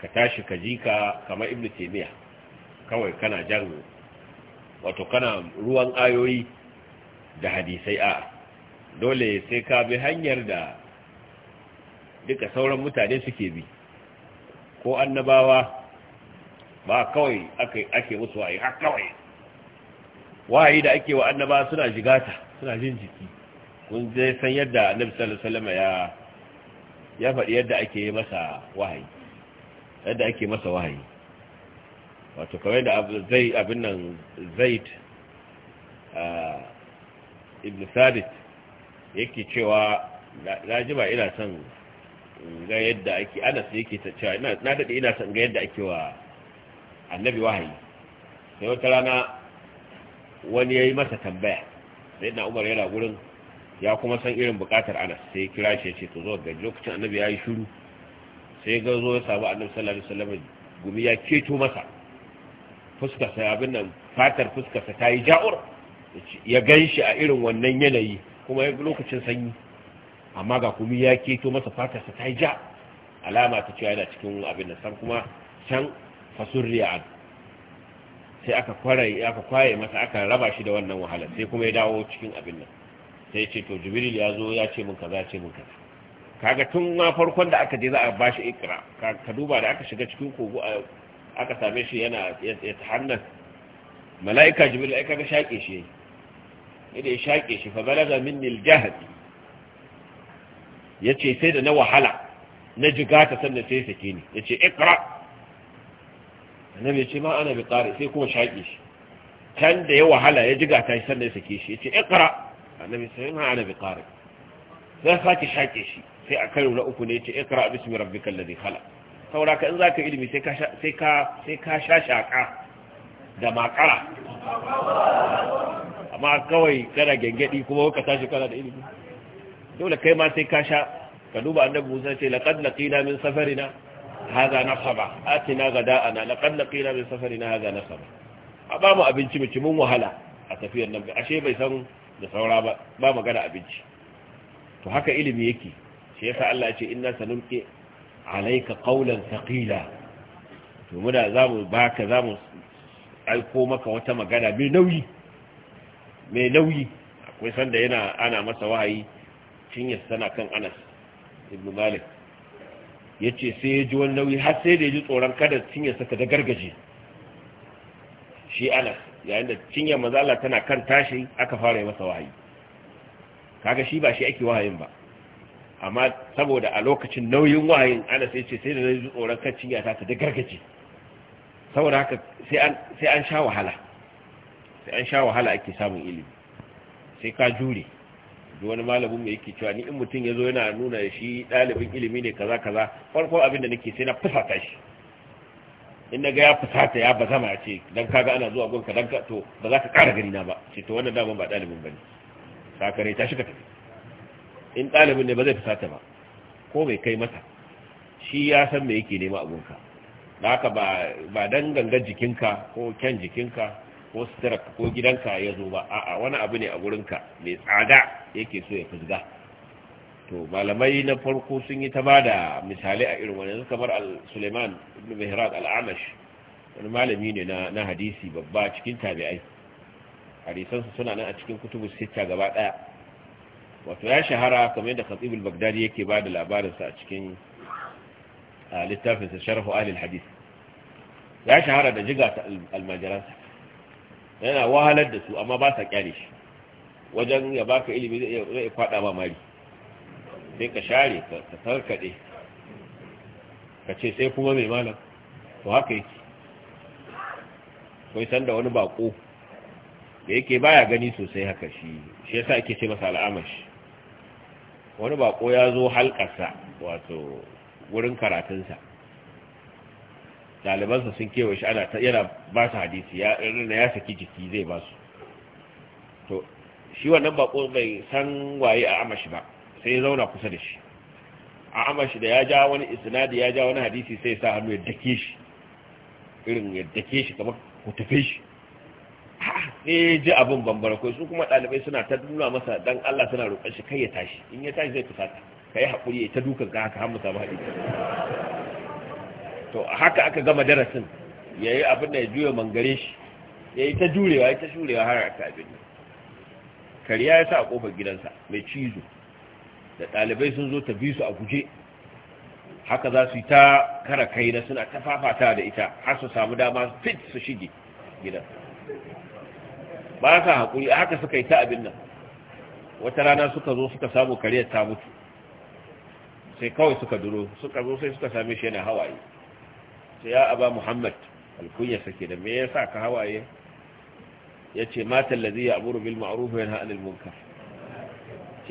ka tashi ka ji ka kamar ibn taymiya kawai kana jan wato kana ruwan ayoyi da hadisai a dole sai ka bi hanyar da duka sauran mutane suke bi ko annabawa ba kawai ake musu waye har kawai wahayi da ake wa annaba suna shiga ta suna jin jiki kun zai san yadda annabi sallallahu alaihi wasallam ya ya faɗi yadda ake masa wahayi yadda ake masa wahayi wato kamar da zai abin nan zaid ibn sabit yake cewa na ji ba ina son ga yadda ake anas yake ta cewa na daɗe ina son ga yadda ake wa annabi wahayi sai wata rana wani ya yi masa tambaya sai na umar yana gurin ya kuma san irin bukatar anas sai kira shi ce to zo ga lokacin annabi ya yi shiru sai ga zo ya samu annabi sallallahu alaihi wasallam gumi ya keto masa fuskarsa abin nan fatar fuskarsa ta yi ja'ur ya ganshi a irin wannan yanayi kuma lokacin sanyi amma ga gumi ya keto masa fatarsa ta yi ja alama ta cewa yana cikin abin da san kuma can fasurriya sai aka kwarai aka kwaye masa aka raba shi da wannan wahala sai kuma ya dawo cikin abin nan sai ce to jibril ya zo ya ce min kaza ya ce min kaza kaga tun ma farkon da aka je za a bashi ikra ka duba da aka shiga cikin kogo aka same shi yana ya tahannan mala'ika jibril ai kaga shake shi yayi ya shake shi fa balaga minni aljahd yace sai da na wahala na jigata sannan sai sake ni yace ikra annabi ce ma ana bi tsari sai kuma shaƙe shi can da ya wahala ya jiga ta shi sannan ya sake shi ya ce ikra annabi sai ma ana bi tsari sai sake shaƙe shi sai a karo na uku ne yace ce ikra bismi rabbikal ladhi khalaq saboda ka in zaka ilimi sai ka sai ka sai ka sha shaka da makara amma kawai kana gengedi kuma ka tashi kana da ilimi dole kai ma sai ka sha ka duba annabi Musa ce laqad laqina min safarina haza nasaba atina gada'ana laqad laqina min safarina haza nasaba a ba mu abinci mu ci mun wahala a tafiyar nan ashe bai san da saura ba ba magana abinci to haka ilimi yake shi yasa Allah ya ce inna sanulqi alayka qawlan thaqila to muna zamu baka zamu aiko maka wata magana mai nauyi mai nauyi akwai sanda yana ana masa wahayi cinyar sana kan Anas ibn Malik ya ce sai ya ji wani nauyi har sai da ya ji tsoron kada cinyarsa saka da gargaje shi anas yayin da cinye maza Allah tana kan tashi aka fara yi masa wahayi kaga shi ba shi ake wahayin ba amma saboda a lokacin nauyin wahayin anas ya ce sai da ji tsoron kan cinya ta ta da gargaje saboda haka sai an sha wahala sai an sha wahala ake samun ilimi sai ka jure da wani malamin mu yake cewa ni in mutum ya zo yana nuna shi ɗalibin ilimi ne kaza kaza farko abin da nake sai na fusata shi in na ga ya fusata ya ba zama ya ce dan kaga ana zuwa gun ka dan ka to ba za ka ƙara gani na ba ce to wannan daman ba ɗalibin bane sakare ta shiga ta tafi in ɗalibin ne ba zai fusata ba ko bai kai masa shi ya san me yake nema abunka da haka ba dan gangar jikinka ko kyan jikinka ko suturarka ko gidanka ya zo ba a'a wani abu ne a gurinka mai tsada yake so ya fusga to malamai na farko sun yi ta ba da misali a irin wani kamar al-suleiman ibn mihrad al-amash wani malami ne na hadisi babba cikin tabi'ai hadisansu suna nan a cikin kutubu sita gaba daya wato ya shahara kamar yadda khatib al-baghdadi yake ba da labarinsa a cikin littafinsa sharhu ahli al ya shahara da jiga almajiransa yana wahalar da su amma ba sa kyale shi wajen ya baka ilimi zai iya kwada ba mari sai ka share ka sarkade ka ce sai kuma mai malam to haka yake kai san da wani bako da yake baya gani sosai haka shi shi yasa yake ce masa al'amashi wani bako ya zo halkarsa wato wurin karatunsa dalibansa sun kewa shi ana yana ba su hadisi ya ya saki jiki zai ba su to shi wannan bako bai san waye a amashi ba sai ya zauna kusa da shi a amashi da ya ja wani isnadi ya ja wani hadisi sai sa hannu ya dake shi irin ya dake shi kamar ku tafe shi sai ji abin bambara ko su kuma dalibai suna ta nuna masa dan Allah suna roƙon shi kai ya tashi in ya tashi zai fusata kai hakuri ya ta dukan ka haka har mu samu hadisi to haka aka gama darasin ya yi abin da ya juya mangare shi ya yi ta jurewa ya ta jurewa har aka abin kariya ya sa a kofar gidansa mai cizo da ɗalibai sun zo ta bi su a guje haka za su yi ta kara kai na suna ta fafata da ita har su samu dama fit su shige gidan ba sa haƙuri haka suka yi ta abin nan wata rana suka zo suka samu kariyar ta mutu sai kawai suka duro suka zo sai suka same shi yana hawaye ce ya aba muhammad alkunyarsa sake da me yasa ka hawaye ya ce matan lazi ya amuru bil ma'arufu yana anil munkar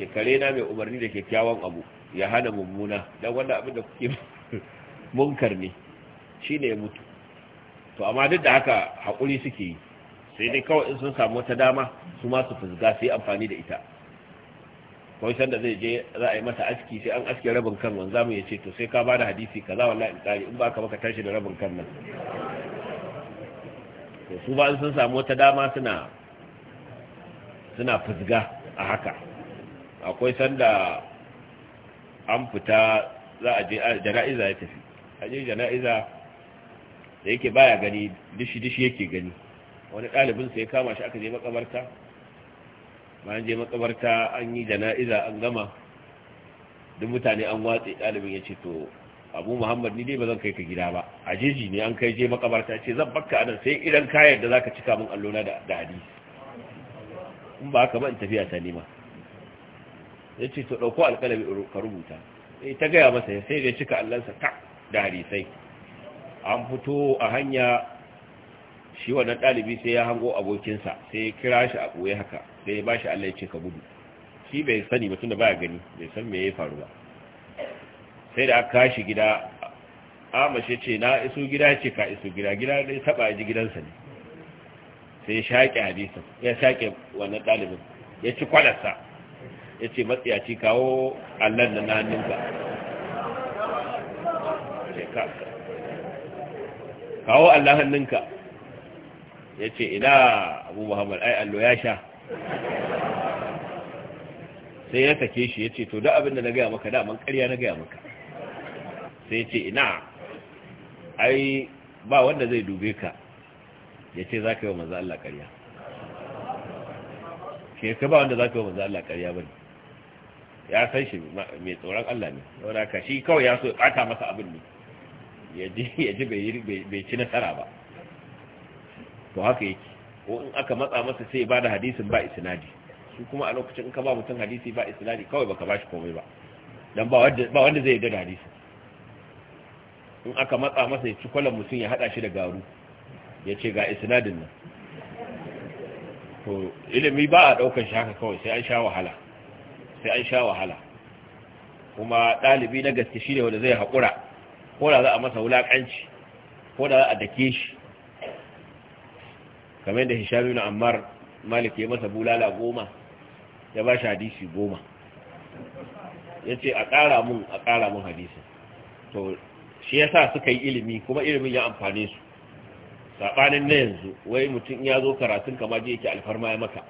ce na mai umarni da kyakkyawan abu ya hana mummuna don wanda abin da kuke munkar ne shi ya mutu to amma duk da haka haƙuri suke yi sai dai kawai in sun samu wata dama su ma su fuzga sai amfani da ita kawai sanda zai je za a yi masa aski sai an aske rabin kan wanda mu ya ce to sai ka ba da hadisi za wallahi in tsari in ba ka baka tashi da rabin kan nan to su ba sun samu wata dama suna suna fuzga a haka akwai sanda an fita za a je jana'iza ya tafi a je jana'iza da yake baya gani dishi dishi yake gani wani ɗalibin sai kama shi aka je makabarta bayan je makabarta an yi jana'iza an gama duk mutane an watsi ɗalibin ya ce to abu muhammad ni dai ba zan kai ka gida ba a jeji ne an kai je makabarta ce zan bakka anan sai idan kayan da zaka cika min allona da hadisi in ba haka ba in tafiya ta nema ya ce to ɗauko alƙalami ka rubuta sai ta gaya masa sai da cika allansa ta da hadisai an fito a hanya shi wannan ɗalibi sai ya hango abokinsa sai ya kira shi a ɓoye haka sai ya ba shi Allah ya ce ka gudu shi bai sani ba da baya gani bai san me ya faru ba sai da aka kashi gida amashe ce na iso gida ce ka iso gida gida dai saba ji gidansa ne sai ya shaƙe hadisa ya shaƙe wannan ɗalibin ya ci kwalarsa ya ce matsiyaci kawo allan da na hannunka kawo allah hannunka ya ce ina abu muhammad ai allo ya sha sai ya sake shi ya ce to da abinda na gaya maka daman karya na gaya maka sai ya ce ina ai ba wanda zai dube ka ya ce za ka yi wa maza Allah karya ke ka ba wanda za ka yi wa maza Allah karya ba ne ya san shi mai tsoron Allah ne wadaka shi kawai ya so ya ɓata masa abin ne ya ji bai ci nasara ba to haka yake ko in aka matsa masa sai ba da hadisin ba isnadi su kuma a lokacin in ka ba mutum hadisi ba isnadi kawai baka bashi komai ba dan ba wanda ba wanda zai yarda da hadisi in aka matsa masa ya ci kwalan mutum ya hada shi da garu ya ce ga isnadin nan to ilimi ba a daukar shi haka kawai sai an sha wahala sai an sha wahala kuma ɗalibi na gaske shi ne wanda zai haƙura ko da za a masa wulaƙanci ko da za a dake shi kamar da hisham ibn ammar malik ya masa bulala goma ya ba shi hadisi goma ya ce a ƙara mun a ƙara mun hadisi to shi yasa suka yi ilimi kuma ilimin ya amfane su saɓanin na yanzu wai mutum ya zo karatun kama je yake alfarma ya maka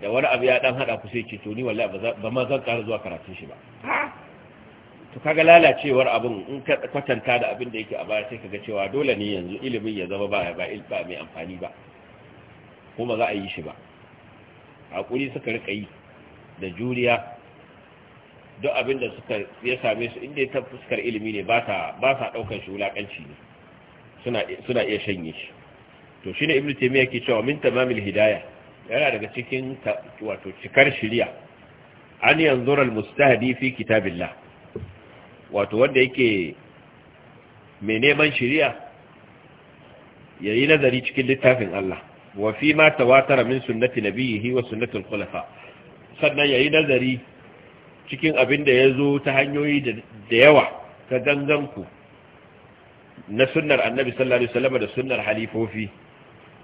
da wani abu ya dan haɗa ku sai ce to ni wallahi ba ma zan ƙara zuwa karatun shi ba to kaga lalacewar abin in ka kwatanta da abin da yake a baya sai kaga cewa dole ne yanzu ilimin ya zama ba ba mai amfani ba kuma za a yi shi ba haƙuri suka rika yi da juriya duk abin da suka ya same su inda ta fuskar ilimi ne ba sa ɗaukar shi wulaƙanci ne suna iya shanye shi to shi ne ibn taimiyya ke cewa min tamamil hidaya yana daga cikin wato cikar shirya an yanzu ral mustahdi fi kitabillah wato wanda yake mai neman shirya ya yi nazari cikin littafin Allah wa fi ma tawatara min sunnati nabiyhi wa sunnatul khulafa sannan yayi nazari cikin abin da yazo ta hanyoyi da yawa ta ganganku na sunnar annabi sallallahu alaihi wasallam da sunnar halifofi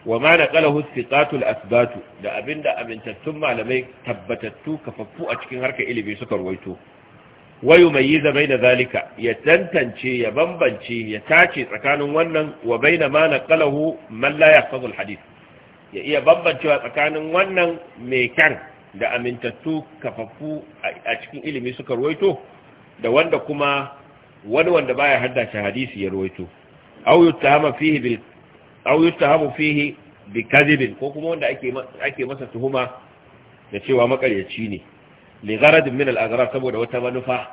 wa ma naqalahu thiqatul asibatu da abinda amintattun malamai tabbatattu kafaffu a cikin harkar ilimi suka ruwaito wa yumayyiza baina zalika ya tantance ya bambance ya tace tsakanin wannan wa baina ma naqalahu man la yahfazu hadith ya iya bambancewa tsakanin wannan mai kyan da amintattu kafafu a cikin ilimi suka ruwaito da wanda kuma wani wanda baya haddace hadisi ya ruwaito aw yutahamu fihi bi kadhibin ko kuma wanda ake ake masa tuhuma da cewa makaryaci ne li gharadin min al saboda wata manufa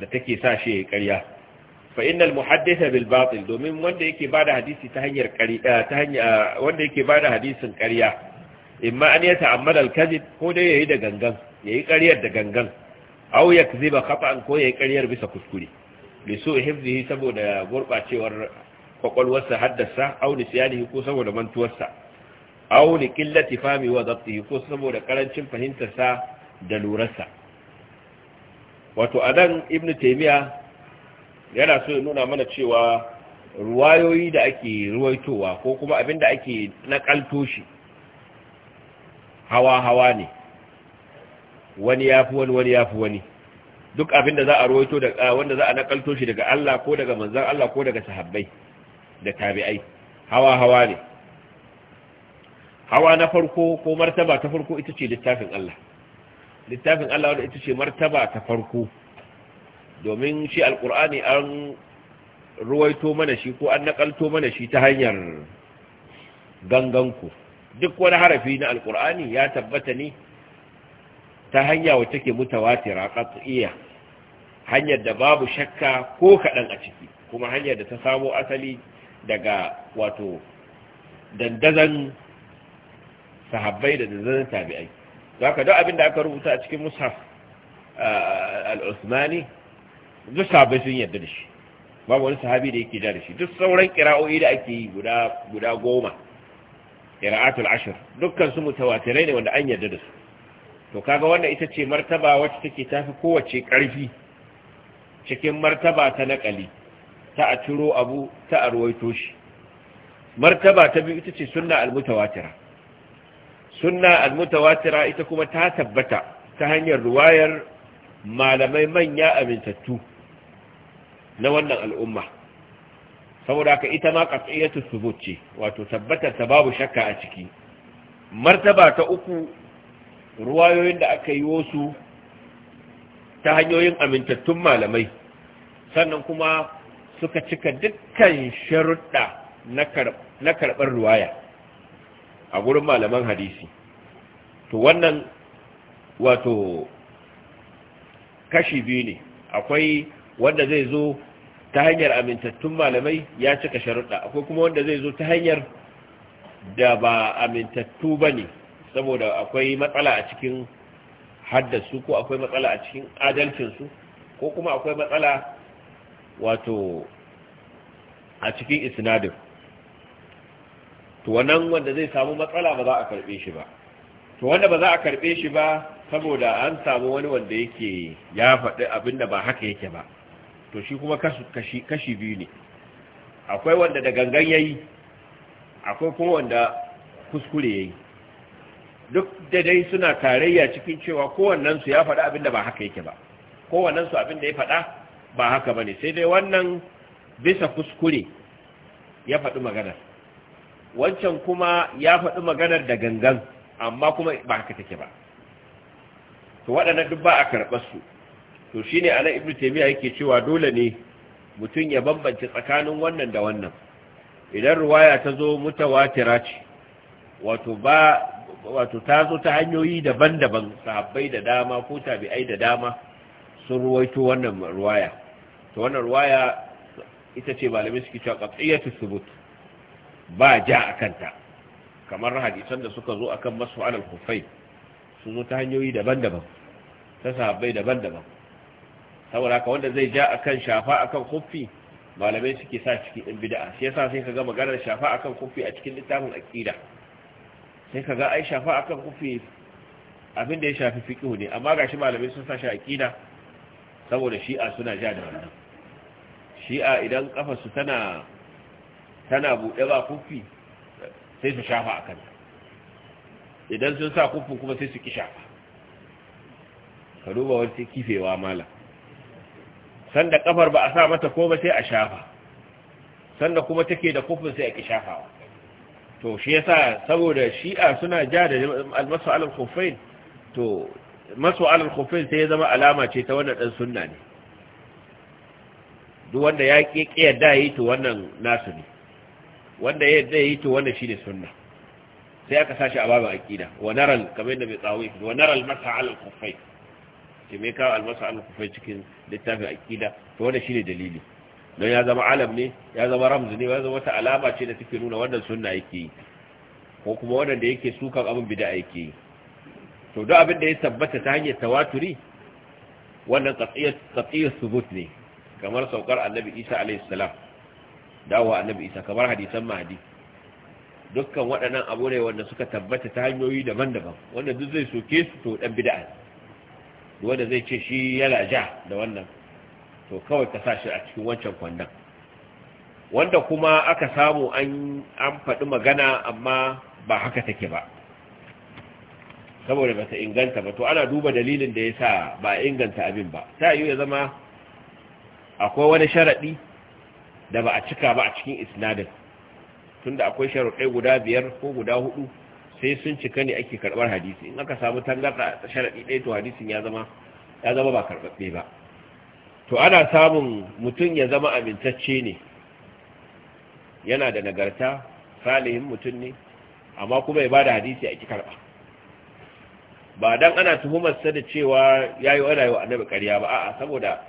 da take sa shi ya karya fa innal muhaddisa bil batil domin wanda yake bada hadisi ta hanyar ƙarya eh, ta hanyar eh, wanda yake bada hadisin ƙarya imma an ya ta'ammad al kadhib ko dai yayi da gangan yayi ƙaryar da gangan aw yakziba khata'an ko yayi ƙaryar bisa kuskure bi so hifzihi saboda gurbacewar kwakwalwarsa haddasa aw nisyanihi ko saboda mantuwarsa aw li fami fahmi wa ko saboda karancin fahimtarsa da lurarsa wato adan ibnu taymiya yana so ya nuna mana cewa ruwayoyi da ake ruwaitowa ko kuma abin da ake nakalto shi hawa-hawa ne wani ya fi wani wani ya fi wani duk abin da za a ruwaito wanda za a nakalto shi daga Allah ko daga manzan Allah ko daga sahabbai da tabi'ai hawa-hawa ne hawa na farko ko martaba ta farko ita ce littafin Allah littafin Allah wadda ita ce martaba ta farko domin shi alkur'ani an ruwaito mana shi ko an nakalto mana shi ta hanyar ganganku duk wani harafi na alkur'ani ya tabbata ne ta hanya wacce ke mutawatira qat'iyya hanyar da babu shakka ko kaɗan a ciki kuma hanyar da ta samo asali daga wato dandazan sahabbai da dandazan tabi'ai zaka duk abin da aka rubuta a cikin mushaf al-Uthmani duk sahabbai sun yarda da shi babu wani sahabi da yake da shi duk sauran kira'o'i da ake yi guda guda goma kira'atul ashr dukkan su mutawatirai ne wanda an yarda da su to kaga wannan ita ce martaba wacce take tafi kowace karfi cikin martaba ta nakali ta a turo abu ta a ruwaito shi martaba ta biyu ita ce sunna almutawatira sunna almutawatira ita kuma ta tabbata ta hanyar ruwayar malamai manya amintattu na wannan al'umma saboda ka ita ma qat'iyatu thubut ce wato tabbatar ta babu shakka a ciki martaba ta uku ruwayoyin da aka yi wasu ta hanyoyin amintattun malamai sannan kuma suka cika dukkan sharuɗa na karɓar ruwaya a gurin malaman hadisi to wannan wato kashi biyu ne akwai wanda zai zo ta hanyar amintattun malamai ya cika sharuɗa akwai kuma wanda zai zo ta hanyar da ba amintattu ba ne saboda akwai matsala a cikin haddasu ko akwai matsala a cikin adalcinsu ko kuma akwai matsala wato a cikin isnadin to wannan wanda zai samu matsala ba za a karbe shi ba to wanda ba za a karbe shi ba saboda an samu wani wanda yake ya faɗi abinda ba haka yake ba to shi kuma kashi biyu ne akwai wanda da gangan ya yi. akwai kuma wanda kuskure ya yi. duk da dai suna tarayya cikin cewa kowannensu su ya faɗa abin da ba haka yake ba kowannensu su abin da ya faɗa ba haka bane sai dai wannan bisa kuskure ya faɗi maganar wancan kuma ya faɗi maganar da gangan amma kuma ba haka take ba to waɗannan duk ba a karɓar su to shi ne ana ibnu taymiya yake cewa dole ne mutum ya bambance tsakanin wannan da wannan idan ruwaya ta zo mutawatira ce wato ba wato ta zo ta hanyoyi daban-daban sahabbai da dama ko tabi'ai da dama sun ruwaito wannan ruwaya to wannan ruwaya ita ce malamai suke cewa qat'iyatu thubut ba ja kanta, kamar hadisan da suka zo akan masu alal khuffain sun zo ta hanyoyi daban-daban ta sahabbai daban-daban saboda haka wanda zai ja akan shafa akan kuffi malamai suke sa cikin ɗin bid'a shi yasa sai kaga maganar shafa akan kuffi a cikin littafin aqida sai kaga ai shafa akan kuffi abin da ya shafi fiqh ne amma gashi malamai sun sa shi aqida saboda shi'a suna ja da wannan shi'a idan kafar su tana tana bude ba kuffi sai su shafa akan idan sun sa kuffin kuma sai su ki shafa ka duba wani kifewa malam sanda kafar ba a sa mata ko ba sai a shafa sanda kuma take da kufin sai a ki shafawa to shi yasa saboda shi'a suna ja da almasu alal khuffain to masu alal khuffain sai ya zama alama ce ta wannan dan sunna ne duk wanda ya ki yadda yi to wannan nasu ne wanda ya yadda yi to wannan shine sunna sai aka sashi a babin aqida wa naral kamar yadda bai tsawo wa naral masa alal khuffain ce me kawo almasu al-kufai cikin littafin akida to wanda shi ne dalili don ya zama alam ne ya zama ramzi ne ya zama wata alama ce da take nuna wannan sunna yake yi ko kuma wanda yake sukan abin bid'a yake yi to duk abin da ya tabbata ta hanyar tawaturi wannan qat'iyyat qat'iyyat thubut ne kamar saukar annabi Isa alaihi salam dawo annabi Isa kamar hadisan mahdi dukkan waɗannan abu ne wanda suka tabbata ta hanyoyi daban-daban wanda duk zai soke su to dan bid'a wanda zai ce shi yana ja da wannan to kawai ka sa shi a cikin wancan kwandon wanda kuma aka samu an an faɗi magana amma ba haka take ba saboda ba ta inganta ba to ana duba dalilin da ya sa ba inganta abin ba ta yi ya zama akwai wani sharaɗi da ba a cika ba a cikin isnadin tunda akwai sharaɗai guda biyar ko guda hudu sai sun cika ne ake karbar hadisi in aka samu tangarda sharadi ɗaya to hadisin ya zama ya zama ba karbabbe ba to ana samun mutum ya zama amintacce ne yana da nagarta salihin mutum ne amma kuma ya bada hadisi a ki karba ba dan ana tuhumar sa da cewa yayi wa yau annabi ƙarya ba a'a saboda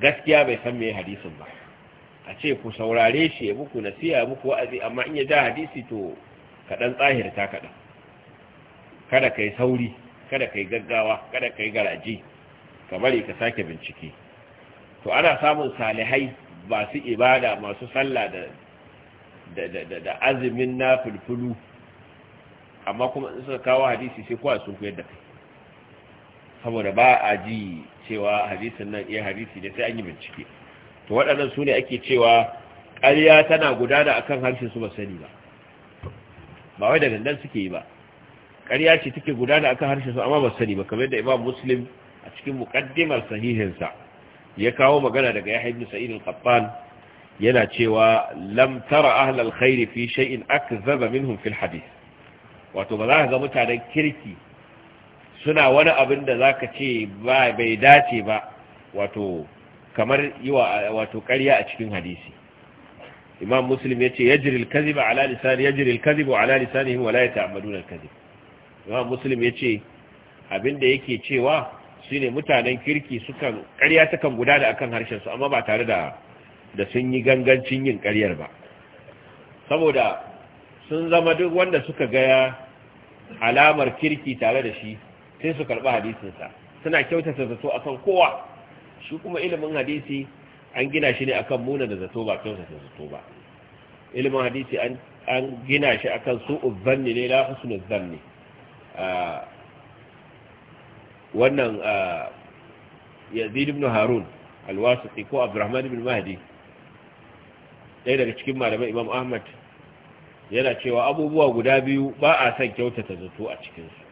gaskiya bai san me hadisin ba a ce ku saurare shi ya muku nasiya ya muku wa'azi amma in ya ja hadisi to kaɗan tsahirta kaɗan kada ka yi sauri kada ka yi gaggawa kada ka yi garaji ka bari ka sake bincike to ana samun salihai su ibada masu sallah da da azumin na fulfulu amma kuma in suka kawo hadisi sai kowa sun koyar da kai saboda ba a ji cewa hadisin nan iya eh, hadisi ne sai an yi bincike to waɗannan su ne ake cewa ƙarya tana gudana akan harshen su ba sani ba ba wai da dandan suke yi ba ƙarya ce take gudana akan harshen su amma ba sani ba kamar yadda Imam Muslim a cikin muqaddimar sahihin sa ya kawo magana daga Yahya ibn Sa'id al-Qattan yana cewa lam tara ahla al-khair fi shay'in akzaba minhum fi al-hadith wato ba za ka ga mutanen kirki suna wani abin da zaka ce ba bai dace ba wato kamar yi wato ƙarya a cikin hadisi imam muslim ya ce yajiril kaziba ala lisani yajiril kazibu ala lisanihim wala yata'ammaduna al-kadhib imam muslim ya ce abinda yake cewa shine mutanen kirki sukan ƙarya kan gudana akan harshen su amma ba tare da da sun yi gangancin yin karyar ba saboda sun zama duk wanda suka gaya alamar kirki tare da shi sai su karɓi hadisinsa suna kyautata zato akan kowa shi kuma ilimin hadisi an gina shi ne akan muna da zato ba kyautata zato ba ilimin hadisi an gina shi akan su'u zanni ne la husnul zanni wannan yanzu ibn harun alwasiti ko abdurrahman ibn mahdi ɗaya daga cikin malamai imam ahmad yana cewa abubuwa guda biyu ba a son kyautata zato a cikinsu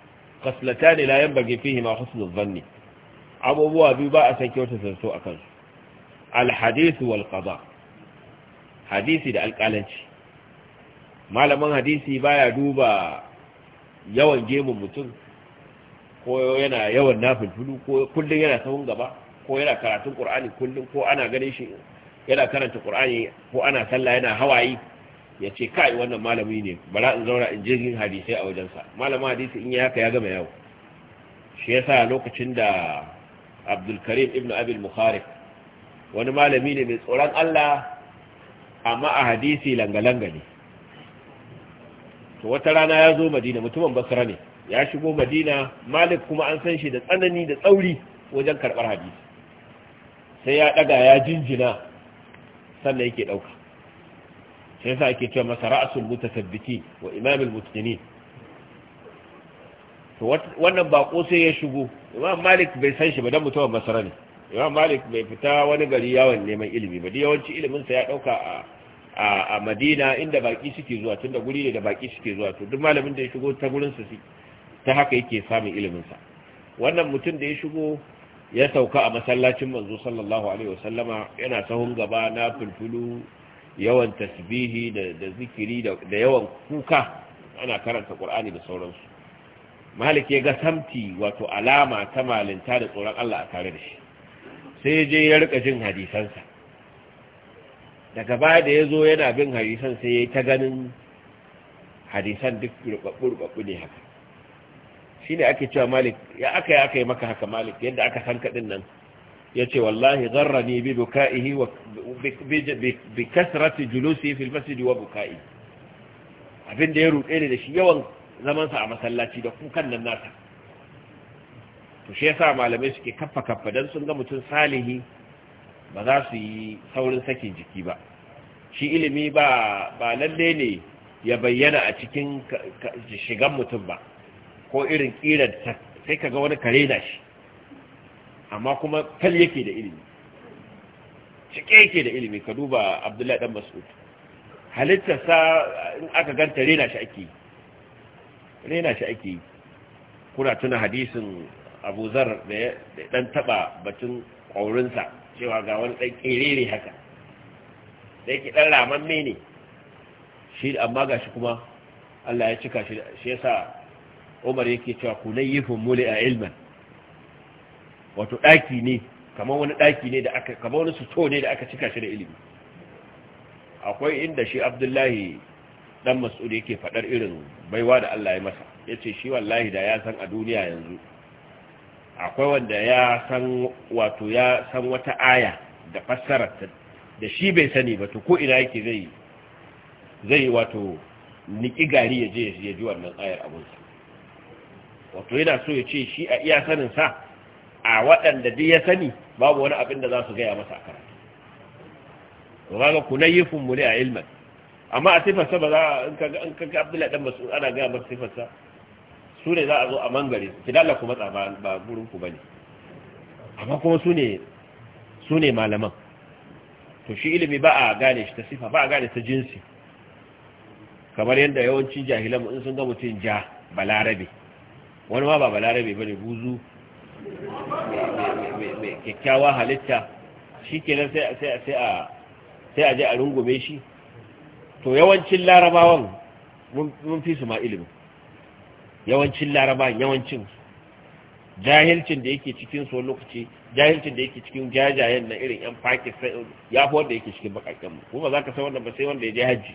kaslata ne layan bage fihi ma husnul zanni abubuwa biyu ba a son kyautata zato a kansu alhadisi wal qada hadisi da alƙalanci malaman hadisi baya duba yawan gemun mutum ko yana yawan nafin tulu ko kullum yana sahun gaba ko yana karatun ƙur'ani kullum ko ana ganin shi yana karanta ƙur'ani ko ana sallah yana hawayi, ya ce kai wannan malami ne bara in zauna in jirgin hadisai a wajensa malama hadisi in yi haka ya gama yau. shi yasa lokacin da abdulkarim ibn abil mukharif wani malami ne mai tsoron allah amma a hadisi langa-langa ne to wata rana ya zo madina mutumin basra ne ya shigo madina malik kuma an san shi da tsanani da tsauri wajen karbar hadisi sai ya daga ya jinjina sannan yake dauka sai sa ake cewa masa ra'asul mutasabbiti wa imamul mutinin to wannan bako sai ya shigo imam malik bai san shi ba dan mutumin basra ne imam malik bai fita wani gari yawon neman ilimi ba yawanci ilimin sa ya dauka a a madina inda baki suke zuwa tun da guri ne da baki suke zuwa to duk malamin da ya shigo ta gurinsa ta haka yake samun iliminsa wannan mutum da ya shigo ya sauka a masallacin manzo sallallahu alaihi wasallama yana sahun gaba na fulfulu yawan tasbihi da zikiri da da yawan kuka ana karanta qur'ani da sauransu Maliki ya ga samti wato alama ta malinta da tsoron Allah a tare da shi sai je ya rika jin hadisansa daga baya da ya zo yana bin hadisan sai ya yi ta ganin hadisan duk rubabbu ne haka shi ne ake cewa malik ya aka yi aka yi maka haka malik yadda aka san kaɗin nan ya ce wallahi zarra ne bi buka'ihi bi kasarati julusi fil masjidi wa buka'i abin da ya ruɗe ne da shi yawan zamansa a masallaci da kukan nan nasa to shi sa malamai suke kaffa kaffa don sun ga mutum salihi ba za su yi saurin sakin jiki ba shi ilimi ba ba lalle ne ya bayyana a cikin shigan mutum ba ko irin kiran sai kaga wani kare da shi amma kuma kal yake da ilimi cike yake da ilimi ka duba abdullahi dan mas'ud halittarsa in aka ganta rena shi ake rena shi ake kuna tuna hadisin abu zar da ya dan taba batun ƙaurinsa cewa ga wani ɗan ƙerere haka da yake ɗan raman ne shi amma ga shi kuma Allah ya cika shi shi yasa Umar yake cewa yi muli a ilman wato ɗaki ne kamar wani ɗaki ne da aka kamar wani suto ne da aka cika shi da ilimi akwai inda shi Abdullahi dan Mas'ud yake faɗar irin baiwa da Allah ya masa yace shi wallahi da ya san a duniya yanzu akwai wanda ya san wato ya san wata aya da ta da shi bai sani ba to ko ina yake zai zai wato niki gari ya je ya ji wannan ayar abunsa wato yana so ya ce shi a iya sanin sa a waɗanda dai ya sani babu wani abin da za su gaya masa a karatu to kaga yi muli a ilman amma a sifarsa ba za in kaga Abdullahi dan masu ana gaya masa sifarsa su ne za a zo a mangare ki kuma ku ba burin ku bane amma kuma su ne malaman to shi ilimi ba a gane shi ta sifa ba a gane ta jinsi kamar yadda yawancin jahilan in sun ga mutum ja balarabe wani ma ba balarabe ne buzu mai kyakkyawa halitta shi kenan nan sai a je a rungume shi to yawancin larabawan mun fi su ma ilimin yawancin laraba yawancin jahilcin da yake cikin so lokaci jahilcin da yake cikin jajayen na irin yan pakistan ya fi wanda yake cikin bakakken mu kuma za ka san wanda ba sai wanda ya je hajji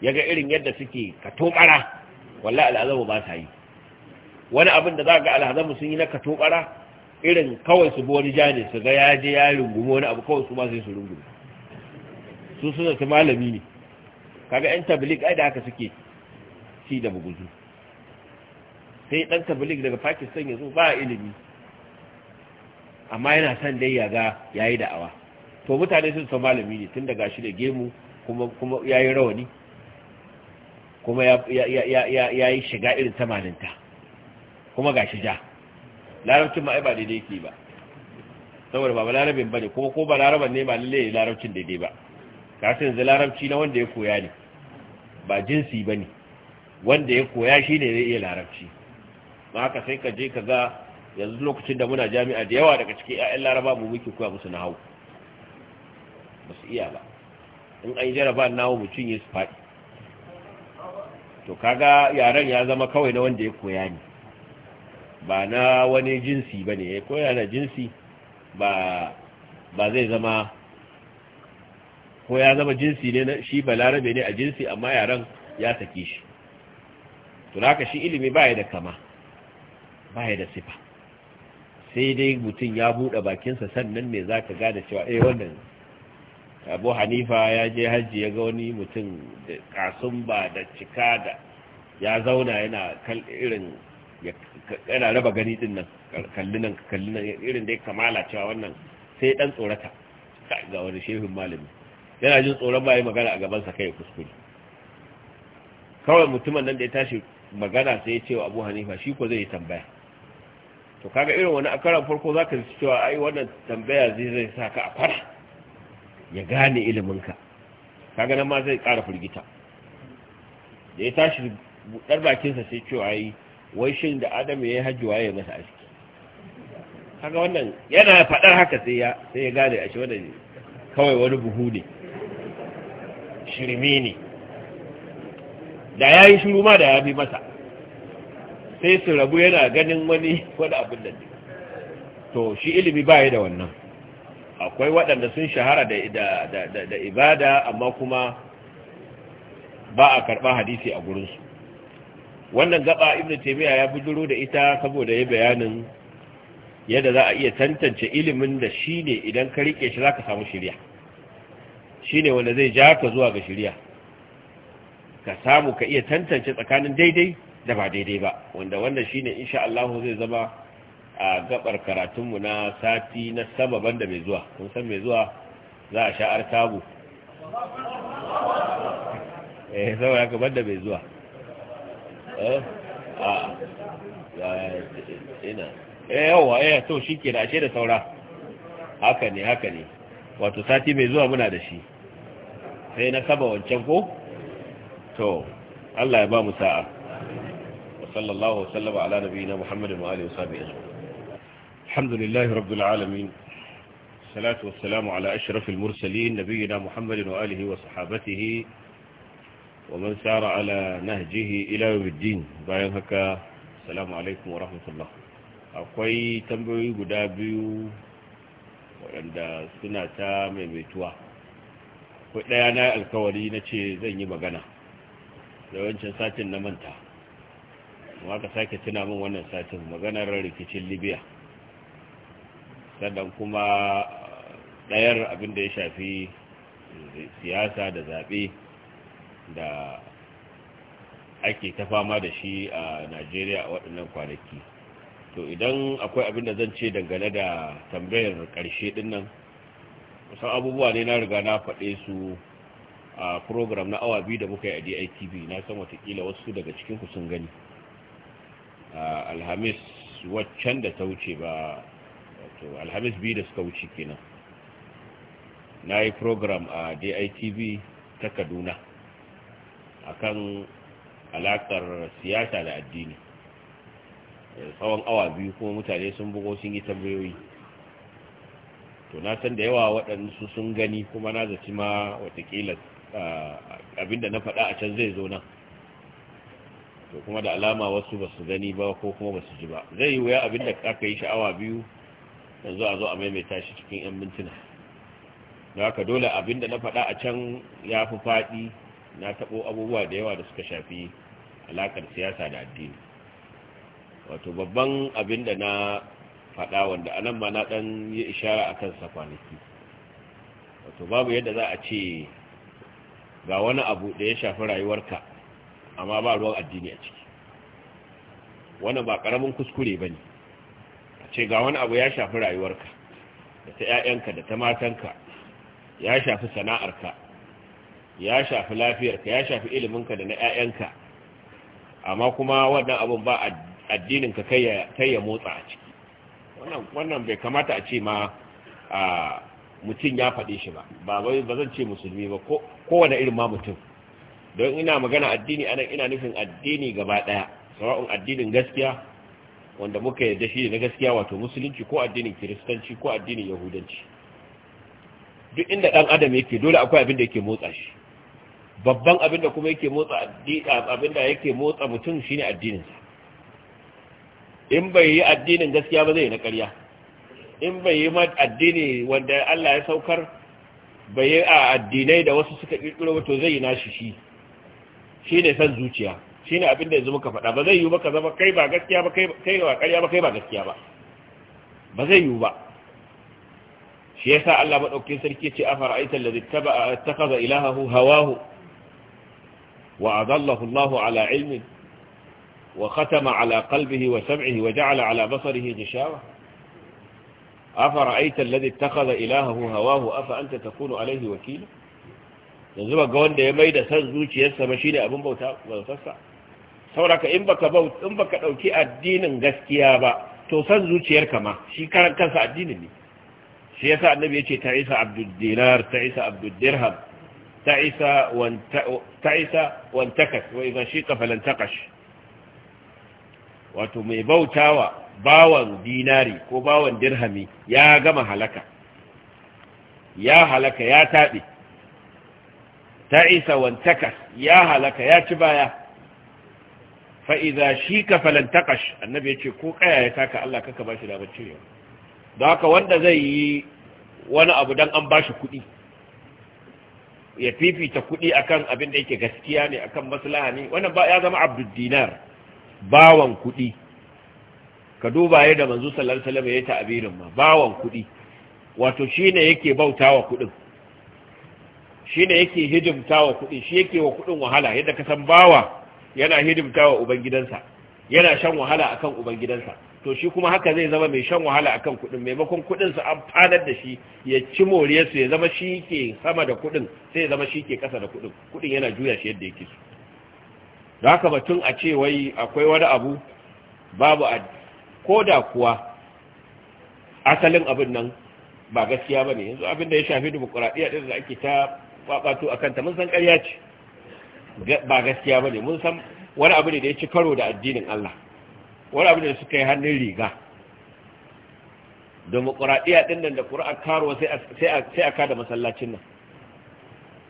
ya ga irin yadda suke ka tobara walla al'azabu ba ta yi wani abin da za ga al'azabu sun yi na ka tobara irin kawai su bi wani jani su ga ya je ya rungumi wani abu kawai su ma sai su rungumi. su suna su malami ne kaga yan tablik ai da haka suke ci da buguzu sai dan tabligh daga Pakistan ya zo ba ilimi amma yana son dai ya ga yayi da'awa to mutane sun san malami ne tun daga shi da gemu kuma kuma yayi rawani kuma ya ya ya yayi shiga irin ta malinta kuma gashi ja larabcin ma ai ba daidai yake ba saboda ba larabin bane kuma ko ba laraban ne ba lalle larabcin daidai ba kasu yanzu larabci na wanda ya koya ne ba jinsi bane wanda ya koya shine zai iya larabci ba haka sai ka je ka ga yanzu lokacin da muna jami'a da yawa daga cikin 'ya'yan laraba mu muke koya musu nahawu ba su iya ba in an jaraba nawo mutum ya su faɗi to kaga yaren ya zama kawai na wanda ya koya ne ba na wani jinsi ba ne ya koya na jinsi ba zai zama ko ya zama jinsi ne shi balarabe ne a jinsi amma yaren ya sake shi to haka shi ilimi baya da kama baya da sifa sai dai mutum ya buɗe bakinsa sannan ne za ka gane cewa eh wannan abu hanifa ya je hajji ya ga wani mutum da kasun ba da cika da ya zauna yana kal irin yana raba gani din nan kalli nan irin dai kamala cewa wannan sai dan tsorata ga wani shehin malami yana jin tsoron ba yi magana a gaban sa kai kuskure kawai mutumin nan da ya tashi magana sai ya ce wa abu hanifa shi ko zai yi tambaya to kaga irin wani a karan farko zaka ji cewa ai wannan tambaya zai zai saka a fara ya gane Ka kaga nan ma zai ƙara firgita da ya tashi buɗar bakinsa sai cewa ai wai shin da adam ya yi hajji waye masa aski kaga wannan yana faɗar haka sai ya sai ya gane a shi wannan kawai wani buhu ne shirme ne da yayi shiru ma da ya bi masa sai su rabu yana ganin wani wani abin da to shi ilimi ba da wannan akwai waɗanda sun shahara da ibada amma kuma ba a karɓa hadisi a gurinsu wannan gaba ibn taimiyya ya buduro da ita saboda ya bayanin yadda za a iya tantance ilimin da shi ne idan ka riƙe shi za ka samu shirya. Shi ne wanda zai ja ka zuwa ga shirya. ka samu ka iya tantance tsakanin daidai da ba daidai ba wanda wannan shine insha Allah zai zama a gabar karatunmu na sati na sama banda mai zuwa kun san mai zuwa za a sha'ar tabu eh saboda haka banda mai zuwa eh a ina eh yawa eh to shike da ashe da saura haka ne haka ne wato sati mai zuwa muna da shi sai na saba wancan ko to Allah ya ba mu sa'a وصلى الله وسلم على نبينا محمد وآله وصحبه أجمعين الحمد لله رب العالمين الصلاة والسلام على أشرف المرسلين نبينا محمد وآله وصحابته ومن سار على نهجه إلى يوم الدين باين هكا السلام عليكم ورحمة الله akwai tambayoyi guda biyu waɗanda suna ta maimaituwa akwai ɗaya na alkawari na ce zan yi magana da wancan satin na manta kuma ka sake tuna min wannan satin maganar rikicin libya sannan kuma ɗayar abin da ya shafi siyasa da zaɓe da ake ta fama da shi a najeriya a waɗannan kwanaki to idan akwai abin da zan ce dangane da tambayar ƙarshe ɗinnan kusan abubuwa ne na riga na faɗe su a program na awa biyu da muka yi a DITV na san watakila wasu daga cikin sun gani alhamis waccan da ta wuce ba wato alhamis biyu da suka wuce kenan na yi program a ditv ta kaduna akan alakar siyasa da addini tsawon awa biyu kuma mutane sun bugo sun yi tambayoyi to na san da yawa waɗansu sun gani kuma na zaci ma watakila abinda na faɗa a can zai zo nan to kuma da alama wasu ba su gani ba ko kuma ba su ji ba zai yi wuya abinda aka yi sha'awa biyu yanzu a zo a maimaita shi cikin 'yan mintuna da haka dole abinda na faɗa a can ya fi faɗi na taɓo abubuwa da yawa da suka shafi alaƙar siyasa da addini wato babban abinda na faɗa wanda anan ma na ɗan yi ishara a kansa kwanaki wato babu yadda za a ce ga wani abu da ya shafi rayuwarka amma ba ruwan addini a ciki wannan ba karamin kuskure ba ne a ce ga wani abu ya shafi rayuwarka da ta 'ya'yanka da ta matanka ya shafi sana'arka ya shafi lafiyarka ya shafi iliminka da na 'ya'yanka amma kuma wannan abun ba addininka kai ya motsa a ciki wannan bai kamata a ce ma mutum ya faɗe shi ba ba zan ce musulmi ba kowane irin ma mutum don ina magana addini anan ina nufin addini gaba daya sawa'un addinin gaskiya wanda muka yarda shi na gaskiya wato musulunci ko addinin kiristanci ko addinin yahudanci duk inda dan adam yake dole akwai abin da yake motsa shi babban abin da kuma yake motsa abin da yake motsa mutum shine addinin sa in bai yi addinin gaskiya ba zai yi na ƙarya in bai yi ma addini wanda Allah ya saukar bai yi a addinai da wasu suka kirkiro ba to zai yi nashi shi shine san zuciya shine abin da yanzu muka faɗa ba zai yiwu ba ka zama kai ba gaskiya ba kai ba ƙarya ba kai ba gaskiya ba ba zai yiwu ba shi yasa Allah madaukakin sarki ce afara aita allazi takaza ilahahu hawahu wa adallahu Allahu ala ilmin wa khatama ala qalbihi wa sam'ihi wa ja'ala ala basarihi gishawa afara aita allazi takaza ilahahu hawahu afa ta takunu alaihi wakila yanzu ba ga wanda ya mai da san zuciyarsa ba shi ne abin bauta bautarsa sauraka in baka bauta in baka dauki addinin gaskiya ba to san zuciyarka ma shi karan kansa addinin ne shi yasa annabi yace ta isa abdul dinar ta isa abdul dirham ta isa wan ta isa takas wa idha shika falan takash wato mai bautawa bawan dinari ko bawan dirhami ya gama halaka ya halaka ya taɓe ta isa wantaka ya halaka ya ci baya fa'iza shi ka falantakash annabi yace ko kaya ya taka Allah kaka bashi da bacci ne don haka wanda zai yi wani abu don an ba shi kuɗi ya fifita kuɗi akan abin da yake gaskiya ne akan maslaha ne wannan ba ya zama abdul dinar bawan kuɗi ka duba yadda manzo sallallahu alaihi wasallam ya ta abirin ma bawan kuɗi wato shine yake bautawa kuɗin shi ne yake hidimta wa kuɗi shi yake wa kuɗin wahala yadda ka san bawa yana hidimta wa ubangidansa yana shan wahala akan ubangidansa to shi kuma haka zai zama mai shan wahala akan kuɗin maimakon kuɗin su an fadar da shi ya ci moriyarsu su ya zama shi ke sama da kuɗin sai ya zama shi ke kasa da kuɗin kuɗin yana juya shi yadda yake so da haka batun a ce wai akwai wani abu babu a ko da kuwa asalin abin nan ba gaskiya ba ne. yanzu abin da ya shafi dimokuraɗiyya ɗin da ake ta kwabato a kanta mun san ƙarya ce ba gaskiya ba ne mun san wani abu ne da ya ci karo da addinin Allah wani abu ne da suka yi hannun riga demokuraɗiyya ɗin nan da ƙura'a karuwa sai a kada masallacin nan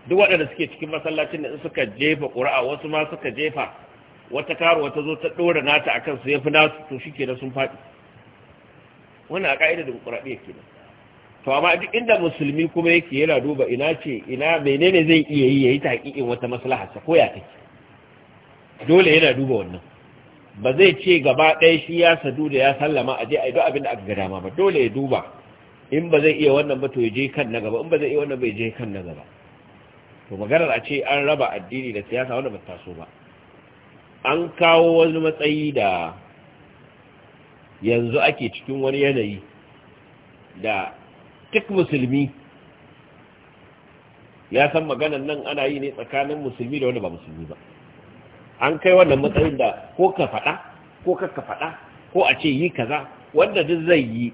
duk waɗanda suke cikin masallacin nan suka jefa ƙura'a wasu ma suka jefa wata karuwa ta zo ta ɗora nata akan su ya fi nasu to shi kenan sun faɗi wannan a ƙa'idar demokuraɗiyya kenan to amma duk inda musulmi kuma yake yana duba ina ce ina menene zai iya yi yayi taqiqin wata maslaha sa koya take dole yana duba wannan ba zai ce gaba ɗaya shi ya sadu da ya sallama a je a yi duk abin da aka ga dama ba dole ya duba in ba zai iya wannan ba to ya je kan na gaba in ba zai iya wannan ba ya je kan na gaba to maganar a ce an raba addini da siyasa wanda ba ta so ba an kawo wani matsayi da yanzu ake cikin wani yanayi da duk musulmi ya san maganan nan ana yi ne tsakanin musulmi da wanda ba musulmi ba an kai wannan matsayin da ko ka faɗa ko ka faɗa ko a ce yi kaza wanda duk zai yi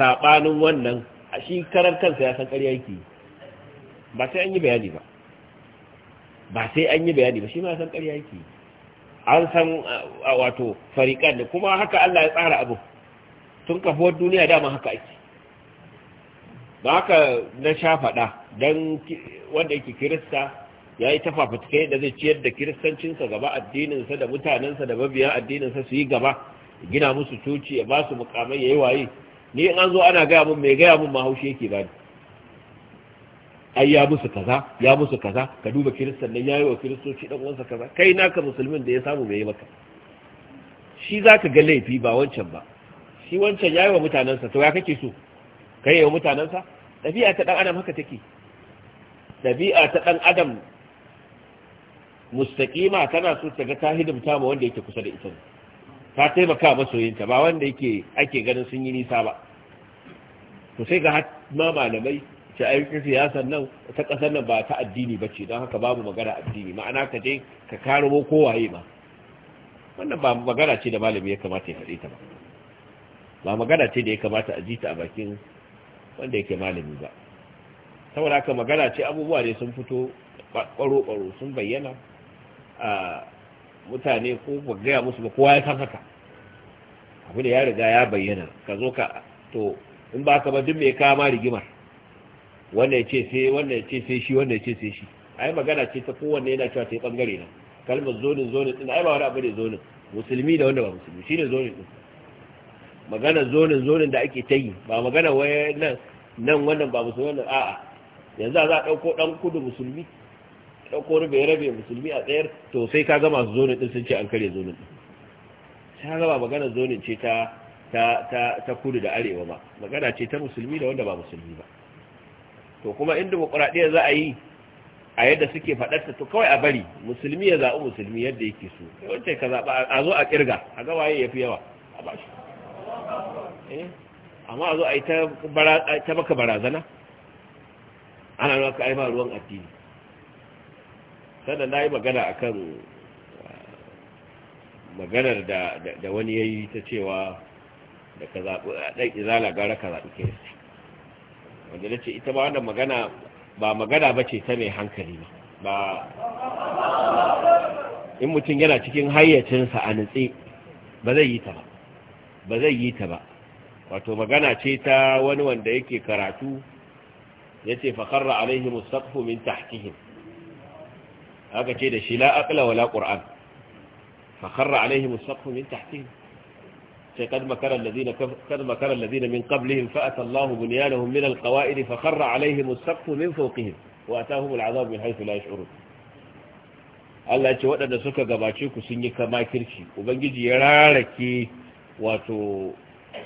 saɓanin wannan a shi karar kansa ya san ƙarya yake ba sai an yi bayani ba ba sai an yi bayani ba shi ma san ƙarya yake an san wato fariƙan da kuma haka Allah ya tsara abu tun kafuwar duniya dama haka ake ba haka na sha faɗa don wanda yake kirista ya yi tafafutukai da zai ciyar da kiristancinsa gaba addininsa da mutanensa da mabiya addininsa su yi gaba gina musu coci ya ba su mukamai ya yi waye ni in an zo ana gaya mun mai gaya mun mahaushe yake bani ai ya musu kaza ya musu kaza ka duba kiristan nan yayi wa kiristoci dan uwansa kaza kai naka musulmin da ya samu mai maka shi zaka ga laifi ba wancan ba shi wancan yayi wa mutanansa to ya kake so kai yi wa mutanansa ɗabi'a ta ɗan adam haka take ɗabi'a ta ɗan adam mustaƙima tana so ta ga ta hidimta ma wanda yake kusa da ita ta taimaka masoyinta ba wanda yake ake ganin sun yi nisa ba to sai ga ma malamai ta aikin siyasar nan ta ƙasar nan ba ta addini ba ce don haka babu magana addini ma'ana ka je ka ko kowaye ma wannan ba magana ce da malami ya kamata ya faɗe ta ba ba magana ce da ya kamata a ji ta a bakin wanda yake malami ba saboda haka magana ce abubuwa ne sun fito ɓaro-ɓaro sun bayyana a mutane ko ba gaya musu ba kowa ya san haka abu da ya riga ya bayyana ka zo ka to in ba ka ba duk mai kama rigimar wanda ya ce sai wanda ya ce sai shi wanda ya ce sai shi ai magana ce ta kowanne yana cewa ta yi ɓangare na kalmar zonin zonin ɗin ai ba wani abu ne zonin musulmi da wanda ba musulmi shi ne zonin ɗin. magana zonin zonin da ake ta yi ba magana wayan nan wannan ba musulmi a'a yanzu za a dauko dan kudu musulmi dauko rube rabe musulmi a tsayar to sai ka gama su zonin din sun ce an kare zonin din sai ka gama magana zonin ce ta ta ta ta kudu da arewa ba magana ce ta musulmi da wanda ba musulmi ba to kuma in dimokuraɗiyya za a yi a yadda suke faɗarta to kawai a bari musulmi ya zaɓi musulmi yadda yake so yawanci ka zaɓa a zo a ƙirga a gawaye waye ya fi yawa a ba shi Eh? amma a zo a yi ta maka barazana ana nuna ka aima ruwan addini sannan na yi magana a kan ah, maganar da wani ya yi ta cewa da ka zaɓi a ɗan izala gara ka zaɓi kiristi wanda na ce ita ba wannan magana ba magana ba ce ta mai hankali ba in mutum yana cikin hayyacinsa a nutse ba zai yi ta ba ba zai yi ta ba wato magana ce ta wani wanda yake karatu yace fa qarra alaihi mustaqfu min tahtihim haka ce da shi la aqla wala qur'an fa qarra alaihi mustaqfu min tahtihim sai kad makara alladhina kad makara min qablihim fa ata Allahu bunyanahum min alqawa'id fa qarra alaihi mustaqfu min fawqihim wa atahum al'adab min haythu la yash'urun Allah ce waɗanda suka gabace ku sun yi kama kamakirci ubangiji ya rarake wato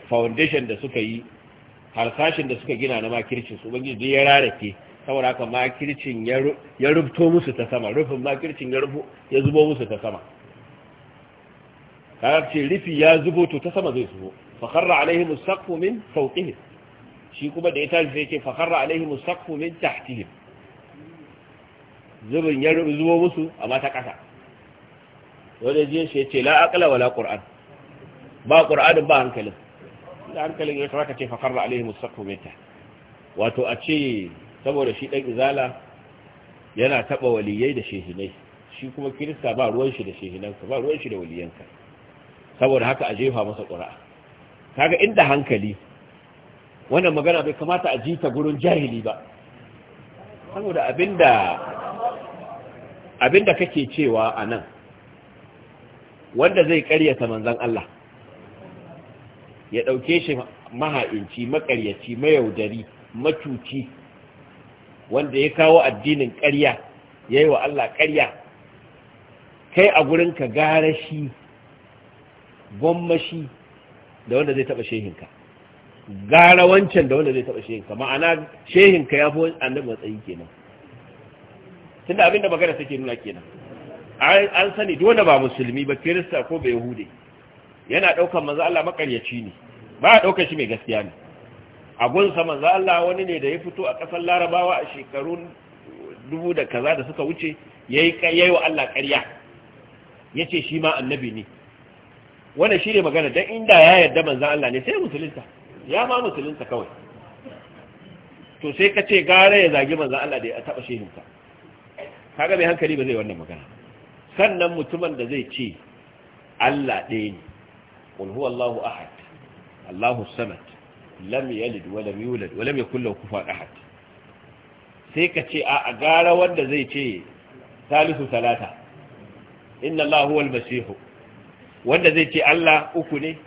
foundation da suka yi harsashin da suka gina na makircin su ubangiji duk ya rarake saboda haka makircin ya rubto musu ta sama rufin makircin ya rubo ya zubo musu ta sama kaga ce rufi ya zubo to ta sama zai zubo fa kharra alaihim min fawqihi shi kuma da ya sai ce fa kharra alaihim min tahtihi zubin ya zubo musu amma ta kasa wanda jiya shi ya ce la aqla wala qur'an ba qur'anin ba hankalin da hankalin ya saka ce fakar da alaihi mustaqfu mita wato a ce saboda shi dan izala yana taba waliyai da shehinai shi kuma kirista ba ruwan shi da shehinanka ba ruwan shi da waliyan ka, saboda haka a jefa masa qur'a kaga inda hankali wannan magana bai kamata a ji ta gurin jahili ba saboda abinda abinda kake cewa anan wanda zai karyata manzon Allah ya ɗauke shi maha'inci makaryaci mayaudari macuci wanda ya kawo addinin ƙarya ya yi wa Allah ƙarya kai a gurinka gara shi gwammashi da wanda zai taɓa shehinka gara wancan da wanda zai taɓa shehinka ma'ana shehinka ya fi annabi matsayi kenan tunda abinda magana take nuna kenan an sani duk wanda ba musulmi ba kirista ko ba yahudi yana ɗaukar manzo Allah makaryaci ne ba a ɗaukar shi mai gaskiya ne a sa manzo Allah wani ne da ya fito a ƙasar larabawa a shekarun dubu da kaza da suka wuce ya yi wa Allah ƙarya ya ce shi ma annabi ne wannan shi ne magana don inda ya yarda manzo Allah ne sai musulunta ya ma musulunta kawai to sai ka ce gara ya zagi manzo Allah da ya taɓa shehinsa kaga mai hankali ba zai wannan magana sannan mutumin da zai ce Allah ɗaya ne qul huwallahu ahad Allahu samad lam yalid wa lam yulad ahad sai ka ce a gara wanda zai ce salisu salata inna Allah huwal wanda zai ce Allah uku ne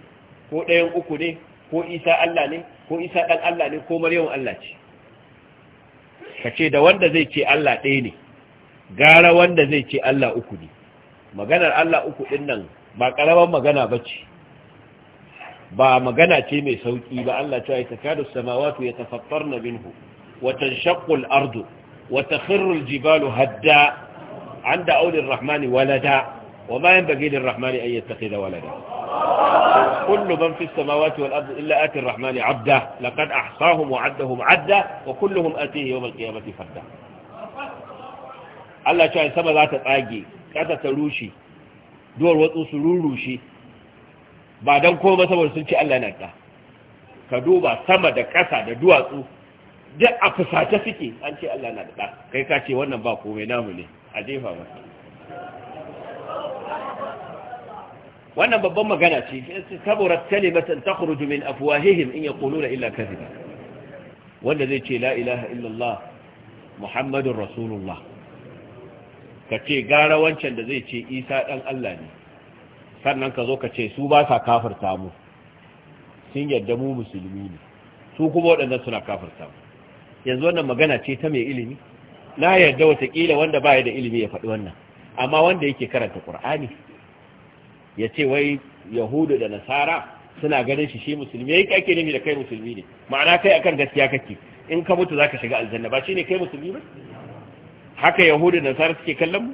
ko ɗayan uku ne ko Isa Allah ne ko Isa dan Allah ne ko Maryam Allah ce ka ce da wanda zai ce Allah ɗaya ne gara wanda zai ce Allah uku ne maganar Allah uku ɗin nan ba ƙaramar magana ba ce ba magana ce mai sauki ba Allah ta yi takadu samawatu ya tafattar na binhu watan shakul ardu wata khirrul jibalu hadda an da aulin rahmani walada wa bayan bagilin rahmani an yattaki da walada kullu man fi samawati wal ardu illa ati rahmani abda laqad ahsahum wa addahum adda wa kulluhum atihi yawm al qiyamati fadda Allah ta yi sama za ta tsage kasa ta rushe duwar watsu su rurushe ba don koma saboda sun ce Allah na ka duba sama da ƙasa da duwatsu duk a fusace suke an ce Allah na da kai ka ce wannan ba komai namu ne a jefa ba wannan babban magana ce saboda kalimatan takhruju afuwa afwahihim in ya da illa kadhiba wanda zai ce la ilaha illallah muhammadun rasulullah ka ce gara wancan da zai ce isa ɗan Allah ne sannan ka zo ka ce su ba sa kafirta mu sun yadda mu musulmi ne su kuma waɗannan suna kafirta mu yanzu wannan magana ce ta mai ilimi na yarda watakila wanda baya da ilimi ya faɗi wannan amma wanda yake karanta ƙur'ani ya ce wai yahudu da nasara suna ganin shi shi musulmi ya yi ƙaƙe nemi da kai musulmi ne ma'ana kai akan gaskiya kake in ka mutu za ka shiga aljanna ba shi ne kai musulmi ba haka yahudu da nasara suke kallon mu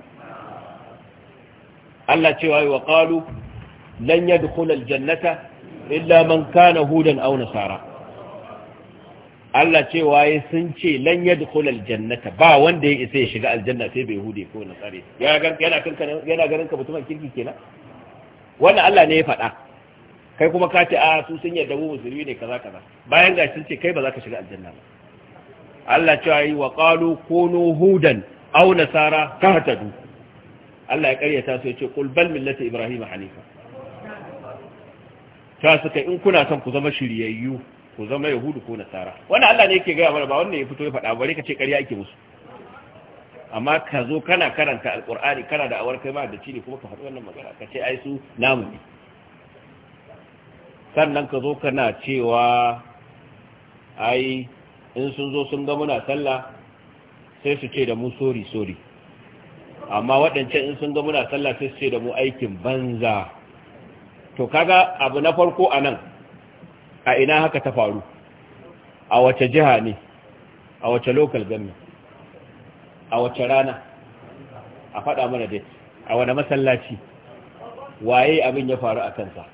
Allah cewa wa qalu lan yadkhul aljannata illa man kana hudan au nasara Allah cewa ya sun ce lan yadkhul aljannata ba wanda ya isa ya shiga aljanna sai bai hude ko nasare yana yana kanka ka mutumin kirki kenan wannan Allah ne ya faɗa kai kuma ka ce a ah, su sun yarda mu musulmi ne kaza kaza bayan ga sun ce kai ba za ka shiga aljanna ba Allah cewa yi wa ƙalu kunu hudan au nasara ka hatadu Allah ya karyata su ya ce qul bal ibrahim hanifa ta suka in kuna son ku zama shiryayyu ku zama yahudu ko nasara wannan Allah ne yake gaya mana ba wanda ya fito ya faɗa bare ka ce ƙarya ake musu amma ka zo kana karanta Alƙur'ani kana da awar kai ma da cini kuma ka faɗi wannan magana ka ce ai su namu ne sannan ka zo kana cewa ai in sun zo sun ga muna sallah sai su ce da mu sori sori amma waɗancan in sun ga muna sallah sai su ce da mu aikin banza to kaga abu na farko a nan a ina haka ta faru a wace jiha ne a wace local ganni, a wace rana a faɗa mana dai a wane masallaci waye abin ya faru a kansa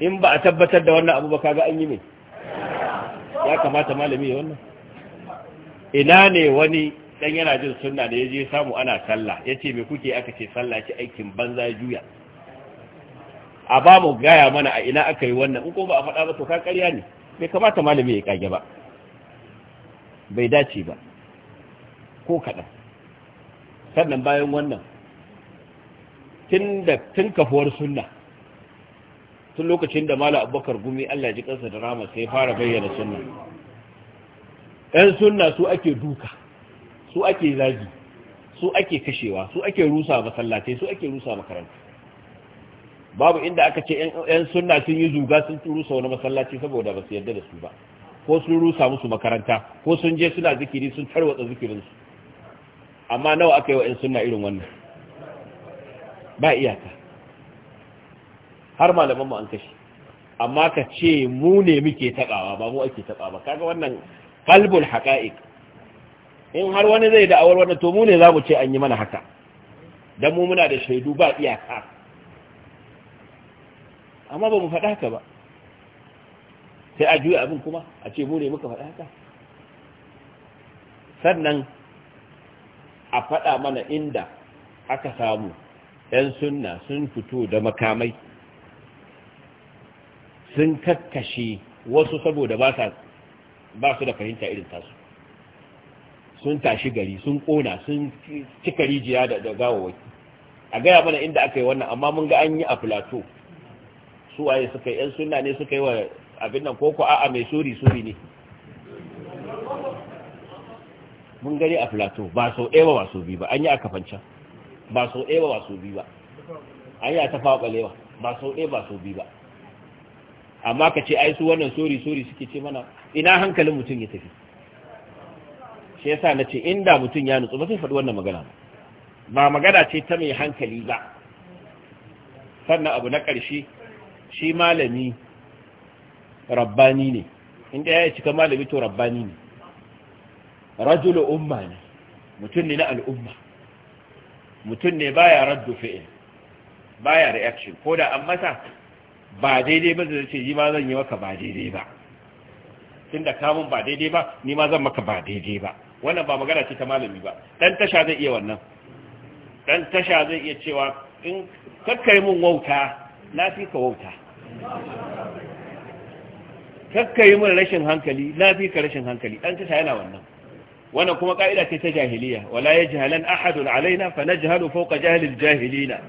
in ba a tabbatar da wannan abu ba kaga an yi mai ya kamata malami ya wannan ina ne wani dan yana jin sunna da yaje samu ana sallah yace me kuke aka ce sallah ce aikin banza juya a ba gaya mana a ina aka yi wannan in ko ba a faɗa ba to ka ƙarya ne bai kamata malami ya kage ba bai dace ba ko kaɗan sannan bayan wannan tun da tun kafuwar sunna tun lokacin da malam abubakar gumi Allah ji kansa da rama sai fara bayyana sunna ɗan sunna su ake duka su ake zagi su ake kashewa su ake rusa masallatai su ake rusa makaranta babu inda aka ce yan sunna sun yi zuga sun rusa wani masallaci saboda ba su yarda da su ba ko sun rusa musu makaranta ko sun je suna zikiri sun tarwatsa zikirinsu amma nawa aka yi wa yan sunna irin wannan ba iyaka har malaman mu an kashe amma ka ce mu ne muke taɓawa ba mu ake taɓa ba kaga wannan qalbul haqa'iq in har wani zai da'awar wannan to mu ne za mu ce an yi mana haka don mu muna da shaidu ba iyaka amma ba mu faɗa haka ba sai a juya abin kuma a ce mu ne muka faɗa haka sannan a faɗa mana inda aka samu ‘yan sunna sun fito da makamai sun kakkashe wasu saboda ba su da fahimta irin tasu sun tashi gari sun kona sun cika rijiya da da gawawaki a gaya mana inda aka yi wannan amma mun ga an yi a plateau su waye suka yi yan suna ne suka yi wa abin nan koko a'a mai suri suri ne mun gani a plateau ba sau ɗaya ba sau biyu ba an yi a kafancan ba sau ɗaya ba sau biyu ba an yi a tafawa ɓalewa ba sau ɗaya ba sau biyu ba amma ka ce ai su wannan sori sori suke ce mana ina hankalin mutum ya tafi shi yasa nace inda mutum ya nutsu ba sai faɗi wannan magana ba magana ce ta mai hankali ba sannan abu na ƙarshe shi malami rabbani ne inda ya cika malami to rabbani ne rajul umma ne mutum ne na al'umma mutum ne baya raddu fi'il baya reaction ko da an masa ba daidai ba zai ce yi ma zan yi maka ba daidai ba tun da kamun ba daidai ba ni ma zan maka ba daidai ba wannan ba magana ce ta malami ba dan tasha zai iya wannan dan tasha zai iya cewa in kakkai mun wauta na fi ka wauta kakkai mun rashin hankali na fi ka rashin hankali dan tasha yana wannan wannan kuma ka'ida ce ta jahiliya wala yajhalan ahadun alaina fa najhalu fawqa jahlil jahilina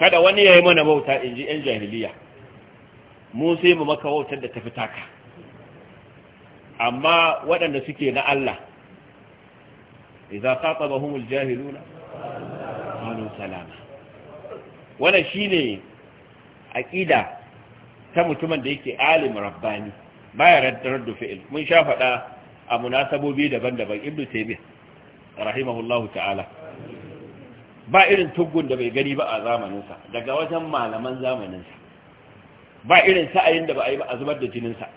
kada wani yayi mana bauta inji yan jahiliya mu sai mu maka wautar da tafi taka amma waɗanda suke na Allah idza khatabahum aljahiluna qalu salama wannan shine aqida ta mutumin da yake alim rabbani baya raddu fi'il mun sha faɗa a munasabobi daban-daban ibnu taymiyyah rahimahullahu ta'ala ba irin tuggun da bai gani ba a zamaninsa daga wajen malaman zamaninsa ba irin sa'ayin da ba a yi ba a zubar da jininsa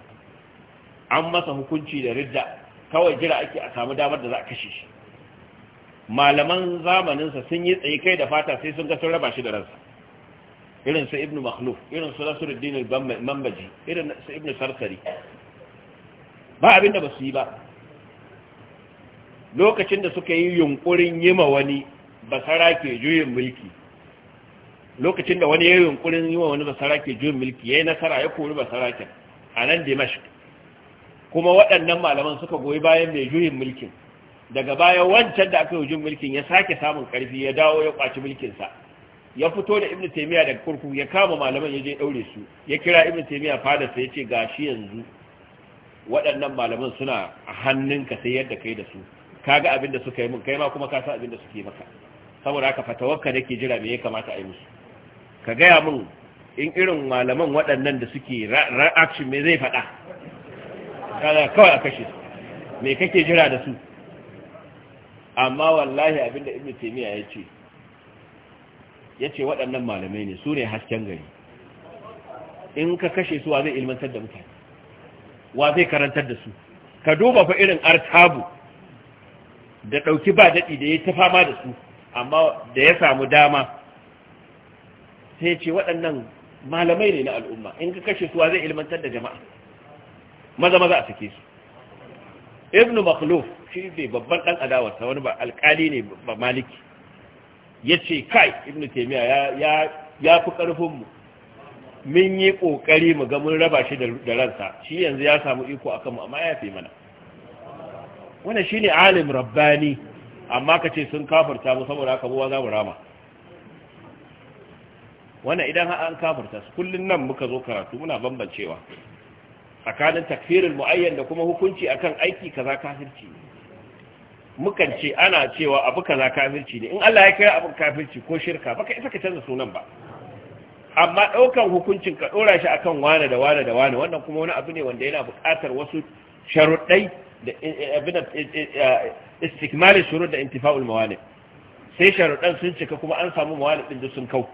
an masa hukunci da ridda kawai jira ake a samu damar da za a kashe shi malaman zamaninsa sun yi tsaye kai da fata sai sun ga sun raba shi da ransa irin su ibnu makhluf irin su nasiruddin al-mambaji irin su ibnu sarsari ba abin da ba su yi ba lokacin da suka yi yunkurin yima wani basara ke juyin mulki lokacin da wani ya yi yunkurin yima wani basara ke juyin mulki ya yi nasara ya kori basara ke a nan dimashq kuma waɗannan malaman suka goyi bayan mai juyin mulkin daga baya wancan da aka yi juyin mulkin ya sake samun ƙarfi ya dawo ya kwaci mulkinsa ya fito da ibn taymiya daga kurkuku ya kama malaman ya je daure su ya kira ibn taymiya fada sai ya ce gashi yanzu waɗannan malaman suna a hannunka sai yadda kai da su kaga abin da suka yi min kai ma kuma ka san abin da suke maka saboda haka fatawakka nake jira me ya kamata a yi musu ka gaya mun in irin malaman waɗannan da suke reaction me zai faɗa kada kawai a kashe su me kake jira da su amma wallahi abinda ibnu taymiya ya ce ya ce waɗannan malamai ne su ne hasken gari in ka kashe su wa zai ilmantar da mutane wa zai karantar da su ka duba fa irin artabu da ɗauki ba daɗi da ya ta fama da su amma da ya samu dama sai ce waɗannan malamai ne na al'umma in ka kashe su wa zai ilmantar da jama'a maza maza a sake su ibnu makhluf shi ne babban dan sa wani ba alkali ne ba maliki ya kai ibnu taymiya ya fi ƙarfinmu mun yi ƙoƙari mu ga mun raba shi da ransa shi yanzu ya samu iko a kanmu amma ya fi mana wannan shi ne alim rabbani amma ka ce sun kafarta mu saboda haka buwa za mu rama wannan idan an kafarta su kullum nan muka zo karatu muna bambancewa tsakanin takfirin mu'ayyan da kuma hukunci akan aiki kaza kafirci mukan ce ana cewa abu kaza kafirci ne in Allah ya kai abin kafirci ko shirka baka isa ka canza sunan ba amma daukan hukuncin ka dora shi akan wane da wane da wane wannan kuma wani abu ne wanda yana buƙatar wasu sharuɗai da eh, eh, abin eh, istikmalin shurud da intifa'ul mawani sai sharuɗan sun cika kuma an samu mawani din da sun kau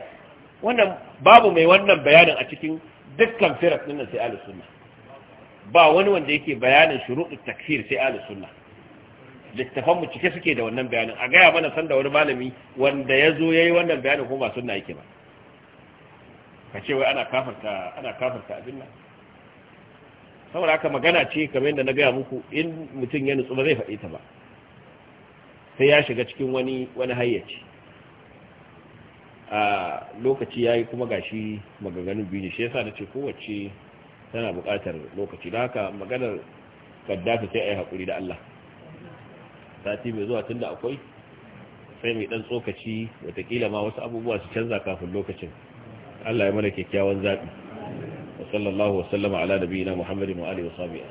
wannan babu mai wannan bayanin a cikin dukkan firat din sai ahlus sunna ba wani wanda yake bayanin shuruɗin takfir sai ahlus sunna littafan mu cike suke da wannan bayanin a gaya mana san da wani malami wanda ya zo yayi wannan bayanin kuma ba sunna yake ba ka ce wai ana kafarta ana kafarta abin nan saboda haka magana ce kamar yadda na gaya muku in mutum ya nutsu ba zai faɗi ta ba sai ya shiga cikin wani wani hayyaci a lokaci ya yi kuma gashi maganganun biyu ne shi yasa na ce kowace tana buƙatar lokaci da haka maganar kaddafi sai a yi haƙuri da Allah sati mai zuwa tun da akwai sai mai ɗan tsokaci watakila ma wasu abubuwa su canza kafin lokacin Allah ya mana kyakkyawan zaɓi wa sallallahu wa sallama ala nabiyina muhammadin wa alihi wa sahbihi